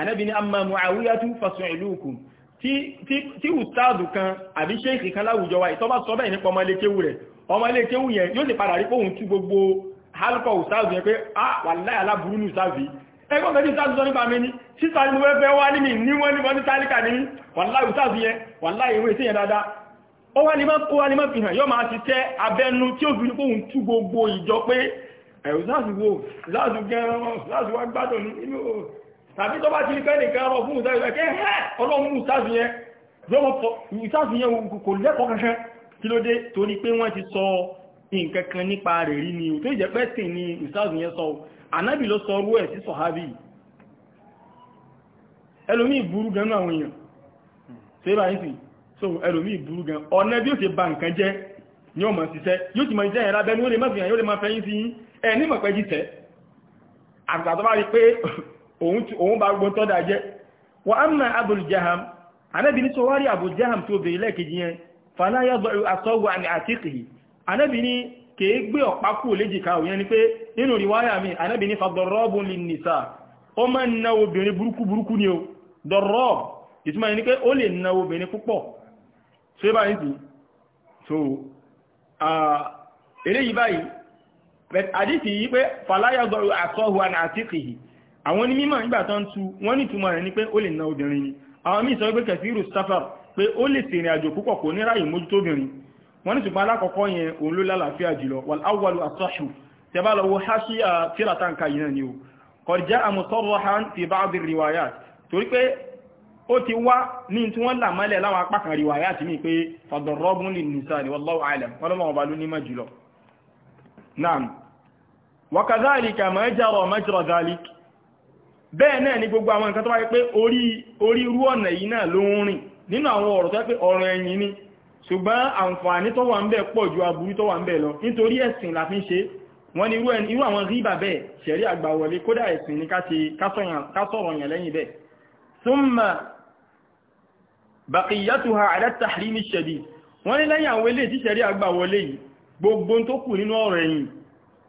ànábì ni amma muawiyatu fasu'ilukum tí ustaadu kan àbí sheikh kan láwùjọ wa ìtọ́bá sọ bẹ́ẹ̀ nípa ọmọ ilé kéwù rẹ̀ ọmọ ilé kéwù yẹn yóò sì padà rí pòhùn tú gbogbo halkọ ustaadu yẹn pé ah wallahi aláburú ní ustaadu yìí ẹgbọ́n mẹ́rin ustaadu sọ nípa mi ní sísá ni mo fẹ́ wá ní mi ní ẹ̀rù láti wo láti gẹ́ran wọn láti wá gbádùn nínú o tàbí tó bá ti fẹ́ nìkan ọmọ fún ìsáàsì ẹ̀kẹ́ ẹ̀ ọlọ́run mú ìsáàsì yẹn lọ́wọ́ ìsáàsì yẹn kò lẹ́kọ̀ọ́ kankan kí ló dé torí pé wọ́n ti sọ nǹkan kan nípa rẹ̀ rí ni tó ìjẹ́ pẹ́ tì ní ìsáàsì yẹn sọ ànábì ló sọ orú ẹ̀ sí sọ̀hábì ẹlòmí ìburú gan náà àwọn èèyàn sẹ́bà ní sí so ẹlòmí ìburú gan ọ̀nà bí ó ṣe ba nǹkan jẹ́ ni ó mọ̀ ṣiṣẹ́ yóò ti mọ̀ ìjẹ́ ìrà bẹnu ó lè má fi hàn yóò lè má fẹ́yìn sí yín ẹ ní mọ̀ pé jítẹ́ àgbà tó pe rí pé òun bá gbogbo tọ́dà jẹ́ wa amma Abul Jaham anábì ní sọwárí Abul Jaham tó bèèrè lẹ́ẹ̀kejì yẹn fanáyọ́gbọ̀ asọ́wọ́ àmì àtíkì anábì ní kèé gbé na o dọ̀rọ́b ìtumọ̀ ni na ah, eléyìí báyìí àdìsí yìí pé fàláyàgọ́rù àkọ́hù àná àtìkìhì àwọn onímọ̀ nígbà tó ń tu wọ́n ní ìtumọ̀ rẹ̀ ní pé ó lè na obìnrin ni àwọn míì sọ pé kẹfìrù sáfà pé ó lè sèrìn àjò púpọ̀ kò ní ráyè mójútó obìnrin wọ́n ní ṣùgbọ́n alákọ̀ọ́kọ́ yẹn òun ló lálàáfíà jùlọ wal awwalu asahhu tẹ bá lọ wo haṣíà tíratanka yìí náà ni o kọjá àmùsọ́rọ̀hán ti ba'd riwayat torí pé naam wakazalika ma jara majra zalik bẹ́ẹ̀ náà ni gbogbo àwọn nǹkan tó wáyé pé orí orí irú ọ̀nà yìí náà ló ń rìn nínú àwọn ọ̀rọ̀ tó pé ọ̀rọ̀ ẹ̀yìn ni ṣùgbọ́n àǹfààní tó wà ń bẹ pọ̀ ju aburú tó wà ń bẹ lọ nítorí ẹ̀sìn la fi ń ṣe wọ́n ní irú àwọn ríbà bẹ́ẹ̀ ṣẹ̀rí àgbà kódà ẹ̀sìn ni ká sọ̀rọ̀ yàn lẹ́yìn bẹ́ẹ̀ thumma baqiyatuha ala at-tahrimi ash wọ́n ní lẹ́yìn àwọn eléyìí tí ṣẹ̀rí àgbà yìí gbogbo tó kù nínú ọ̀rọ̀ ẹ̀yìn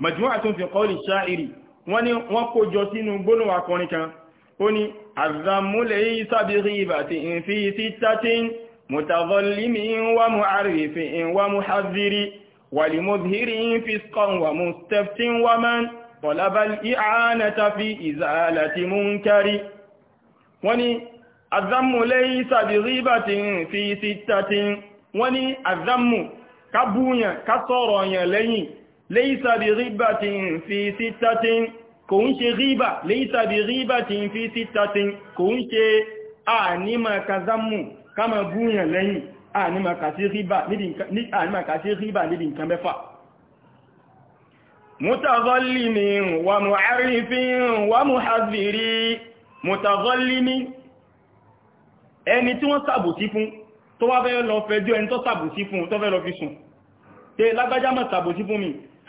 majmu'atun fi qawli sha'iri wọ́n ní wọ́n kó jọ sínú gbólóhùn akọrin kan ó ní àzàmúlẹ̀ ìsàbírí ìbàtí ìfi sítátín mùtàzọ́límì wà mú àrífì wà mú haziri wàlìmọ́bìírí fískọ̀n wà mú steptin wà mán fi ìzàlàtí mú ń kárí wọ́n ní àzàmúlẹ̀ ìsàbírí ìbàtí ìfi sítátín wọ́n ní àzàmù ká léyìísà bí ríbà tí ń fi síta tí kò ń ṣe ríbà léyìísà bí ríbà tí ń fi síta tí kò ń ṣe àníma kazamu kama búyàn lẹ́yìn àníma kàsí ríbà níbi nǹkan mẹ́fà mutazọ́lìmí wà mú àrífin wà mú hazìrí mutazọ́lìmí ẹni tí wọ́n sàbòsí fún tó wá fẹ́ lọ fẹjọ́ ẹni tó sàbòsí fún tó fẹ́ lọ fi sùn pé lágbájá má sàbòsí fún mi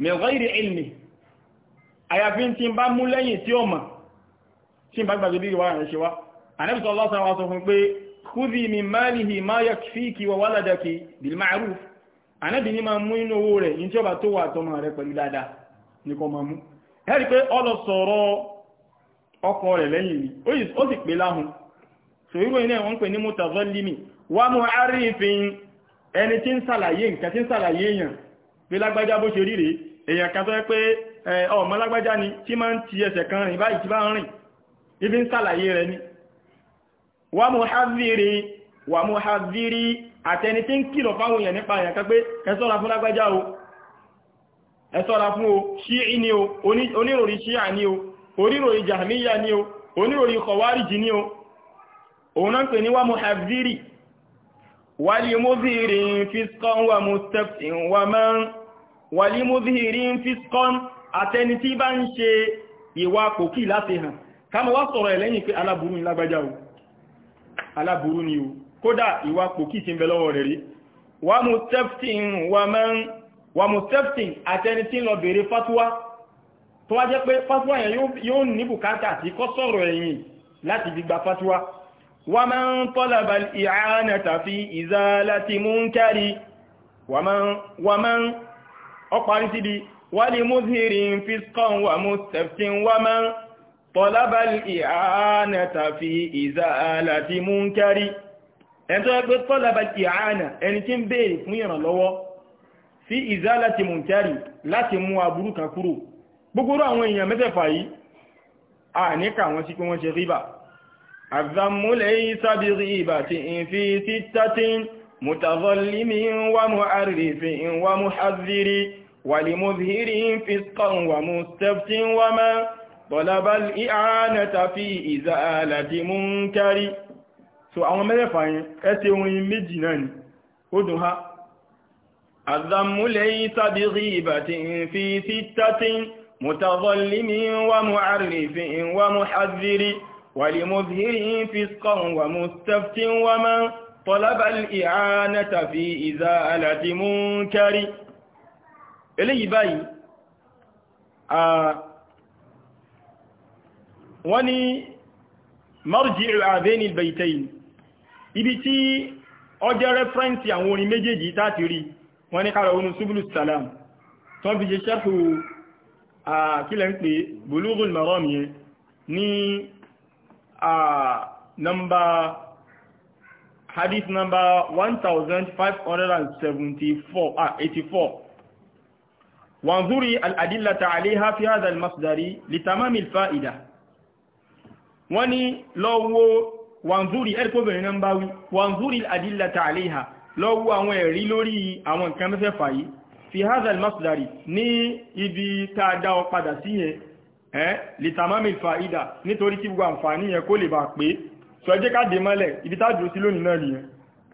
mẹ̀wáìrì ilmi àyàfi tí ń bá mú lẹ́yìn tí ó mọ̀ tí ń bá gbàgbé bí ìwà rẹ̀ ṣe wá Ànábì sallallahu alaihi wasallam fún pé khudhi min malihi ma yakfiki wa waladaki bil ma'ruf Ànábì ní máa mú inú owó rẹ̀ ní tí ó bá tó wà tọmọ rẹ̀ pẹ̀lú dáadáa ní kó máa mú ẹ̀rí pé rẹ̀ ní mutazallimi ẹni tí ń sàlàyé nǹkan tí ń sàlàyé èèyàn pé lágbájá bó ṣe rí rèé èèyàn kan tó ẹ pé ọmọ lágbájá ni tí máa ń ti ẹsẹ̀ kan rìn tí bá ń rìn ibi ń sàlàyé rẹ ni wà mú wà mú àtẹni tí ń kìlọ̀ fáwọn èèyàn nípa èèyàn kan pé ẹ fún lágbájá o ẹ fún o ṣíì ni o oníròrí ṣíà ni o ni o kọwárìjì ni o òun wàlímúzìrí ń fi skọ́n àtẹni tí bá ń ṣe ìwà pòkí láti hàn káàmà wá sọ̀rọ̀ ẹ̀lẹ́yìn pé aláburú ni lágbájá o aláburú ni o kódà ìwà pòkí ti ń bẹ lọ́wọ́ rẹ̀ rí wà mú tẹ́ftin wà máa ń tọ́lẹ̀bà ìhánà tàfi ìzálàtí mú ń kẹ́rì wà máa ọparí sí di wálé múzírin fiskon wà mustaftin wà mọ́ tọ́lábàlì ìhánà tàfi ìzáàlá ti mú ń kárí ẹni tó ẹgbẹ́ tọ́lábàlì ìhánà ẹni tí ń béèrè fún ìrànlọ́wọ́ sí ìzáàlá ti mú ń kárí láti mú aburú kan kúrò gbogbo àwọn èèyàn mẹ́tẹ̀fà yìí ولمظهره فسقا ومستفت وما طلب الإعانة في إزالة منكر so àwọn mẹ́rẹ̀fà yẹn ẹsẹ̀ orin méjì náà ni ó dùn ha àzàmúlẹ̀ ìsàbí rí ìbàtí fi sítàtí mọ̀tàzọ́límí wà mú àrífin wà mú haziri wà lè mọ̀ zírí fiskon wà mú steftin wà mọ́ tọ́lábàl ìhánàtàfi ìzà alàtí mú kẹrì eléyìí báyìí wọ́n ní marji'u adhani albaytayn ibi tí ó jẹ́ rẹ́fẹ́rẹ́nsì àwọn orin méjèèjì tàti rí wọ́n ní kára orin subulu salam tó fi ṣe ṣẹ́fù àkílẹ̀ ń pè bulughul maram yẹn ní nọ́mbà hadith nọ́mbà 1574 ah 84 وانظري الأدلة عليها في هذا المصدر لتمام الفائدة وني لو وانظري اركوبن نمباوي وانظري الأدلة عليها لو àwọn ẹ̀rí lórí àwọn nǹkan mẹ́fẹ́ fàyí fi haza al-masdari ní ibi tá dá ọ padà sí yẹn eh li tamam al-fa'ida nítorí kí gbogbo àǹfààní yẹn kó lè bá pé so jẹ́ ká dé mọ́lẹ̀ ibi tá dúró sí lónìí náà nìyẹn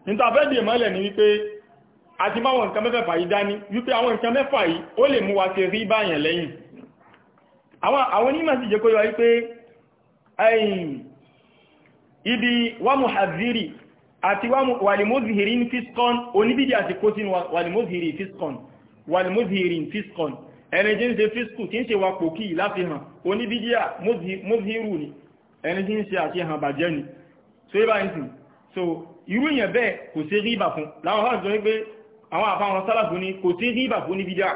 ní tá fẹ́ dé mọ́lẹ̀ ní wípé àti máwọn nǹkan mẹ́fẹ̀fà yìí dání wípé àwọn nǹkan mẹ́fà yìí ó lè mú wa ṣe rí báyàn lẹ́yìn àwọn onímọ̀ sì jẹ́ kó yọ wípé ibi wàmù haziri àti wàlìmózìhìrì ní fiskon oníbìdí àti kó sínú fiskon wàlìmózìhìrì fiskon ẹni tí ń ṣe fisku tí ń ṣe wa pòkí láfihàn oníbìdí à mózìhìrù so ibà ń sìn so irú ìyẹn bẹ́ẹ̀ kò sí rí ìbà fún láwọn fásitì wípé àwọn àfáwọn sálàfù ní kò sí híbà fún ní bídá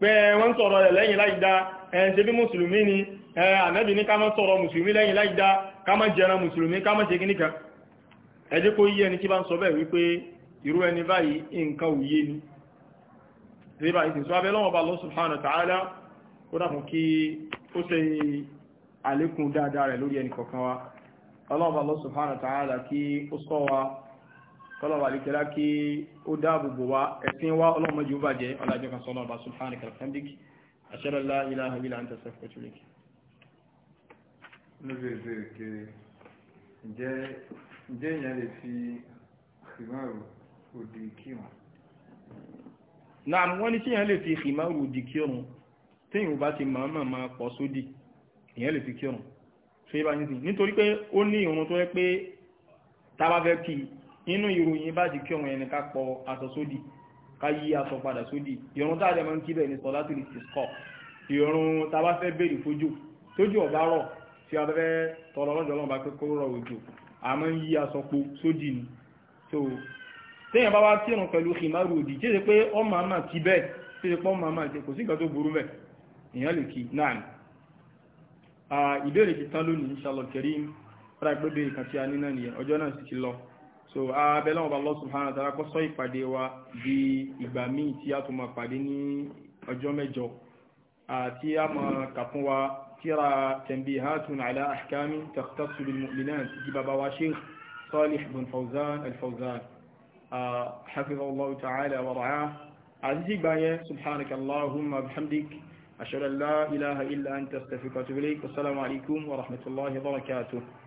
pé wọ́n sọ̀rọ̀ rẹ̀ lẹ́yìn láìdá ẹn ni ànábì ní ká má sọ̀rọ̀ mùsùlùmí lẹ́yìn láìdá ká má jẹran mùsùlùmí ká má ṣe kí nìkan ẹdí kó yí ẹni tí bá ń sọ bẹ́ẹ̀ wípé irú ẹni báyìí nǹkan òye ni ríbà ìsìn sọ ta'ala kọlọ̀wà àríkẹ́lá kí ó dáàbòbò wa ẹ̀sìn wa ọlọ́mọdé ó bàjẹ́ ọlájọ́ kan sọ́nà ọba subhanaka alhamdik ashhadu an la ilaha illa anta astaghfiruka wa atubu ilayk níbi ìbéèrè kiri ǹjẹ́ ǹjẹ́ èèyàn lè fi ìmáàrù òdì kírun náà wọ́n ní tí èèyàn lè fi ìmáàrù òdì kírun téèyàn bá ti máa máa máa pọ̀ sódì èèyàn lè fi kírun ṣé bá yín sí nítorí pé ó ní ìrun tó yẹ nínú ìròyìn bá ti kí ọmọ ẹni ká pọ̀ aṣọ sódì ká yí aṣọ padà sódì ìrun tá jẹ́ máa ń kí bẹ́ẹ̀ ni sọ̀látù lè ti kọ̀ ìrun tá a bá fẹ́ béèrè fojú tójú ọ̀bá rọ̀ tí a fẹ́ tọrọ pé kó rọ̀ òjò a yí aṣọ po sódì ni so téèyàn bá wá kírun pẹ̀lú himaru òdì tí ó ṣe pé ọmọ àmà kí bẹ́ẹ̀ tí ó ṣe pé ọmọ àmà kò sí nǹkan tó burú bẹ́ẹ̀ èèyàn lè kí náà ìbéèrè ti tán lónìí inshallah ọjọ́ náà sì ti lọ so abẹ́lẹ́ ọba Allah subhanahu wa ta'ala kó sọ ìpàdé wa di ìgbà míì tí a tún máa pàdé ní ọjọ́ mẹ́jọ àti a máa kà fún wa tíra tanbihatun ala ahkami takhtassu bil mu'minat di baba wa sheikh salih bin fawzan al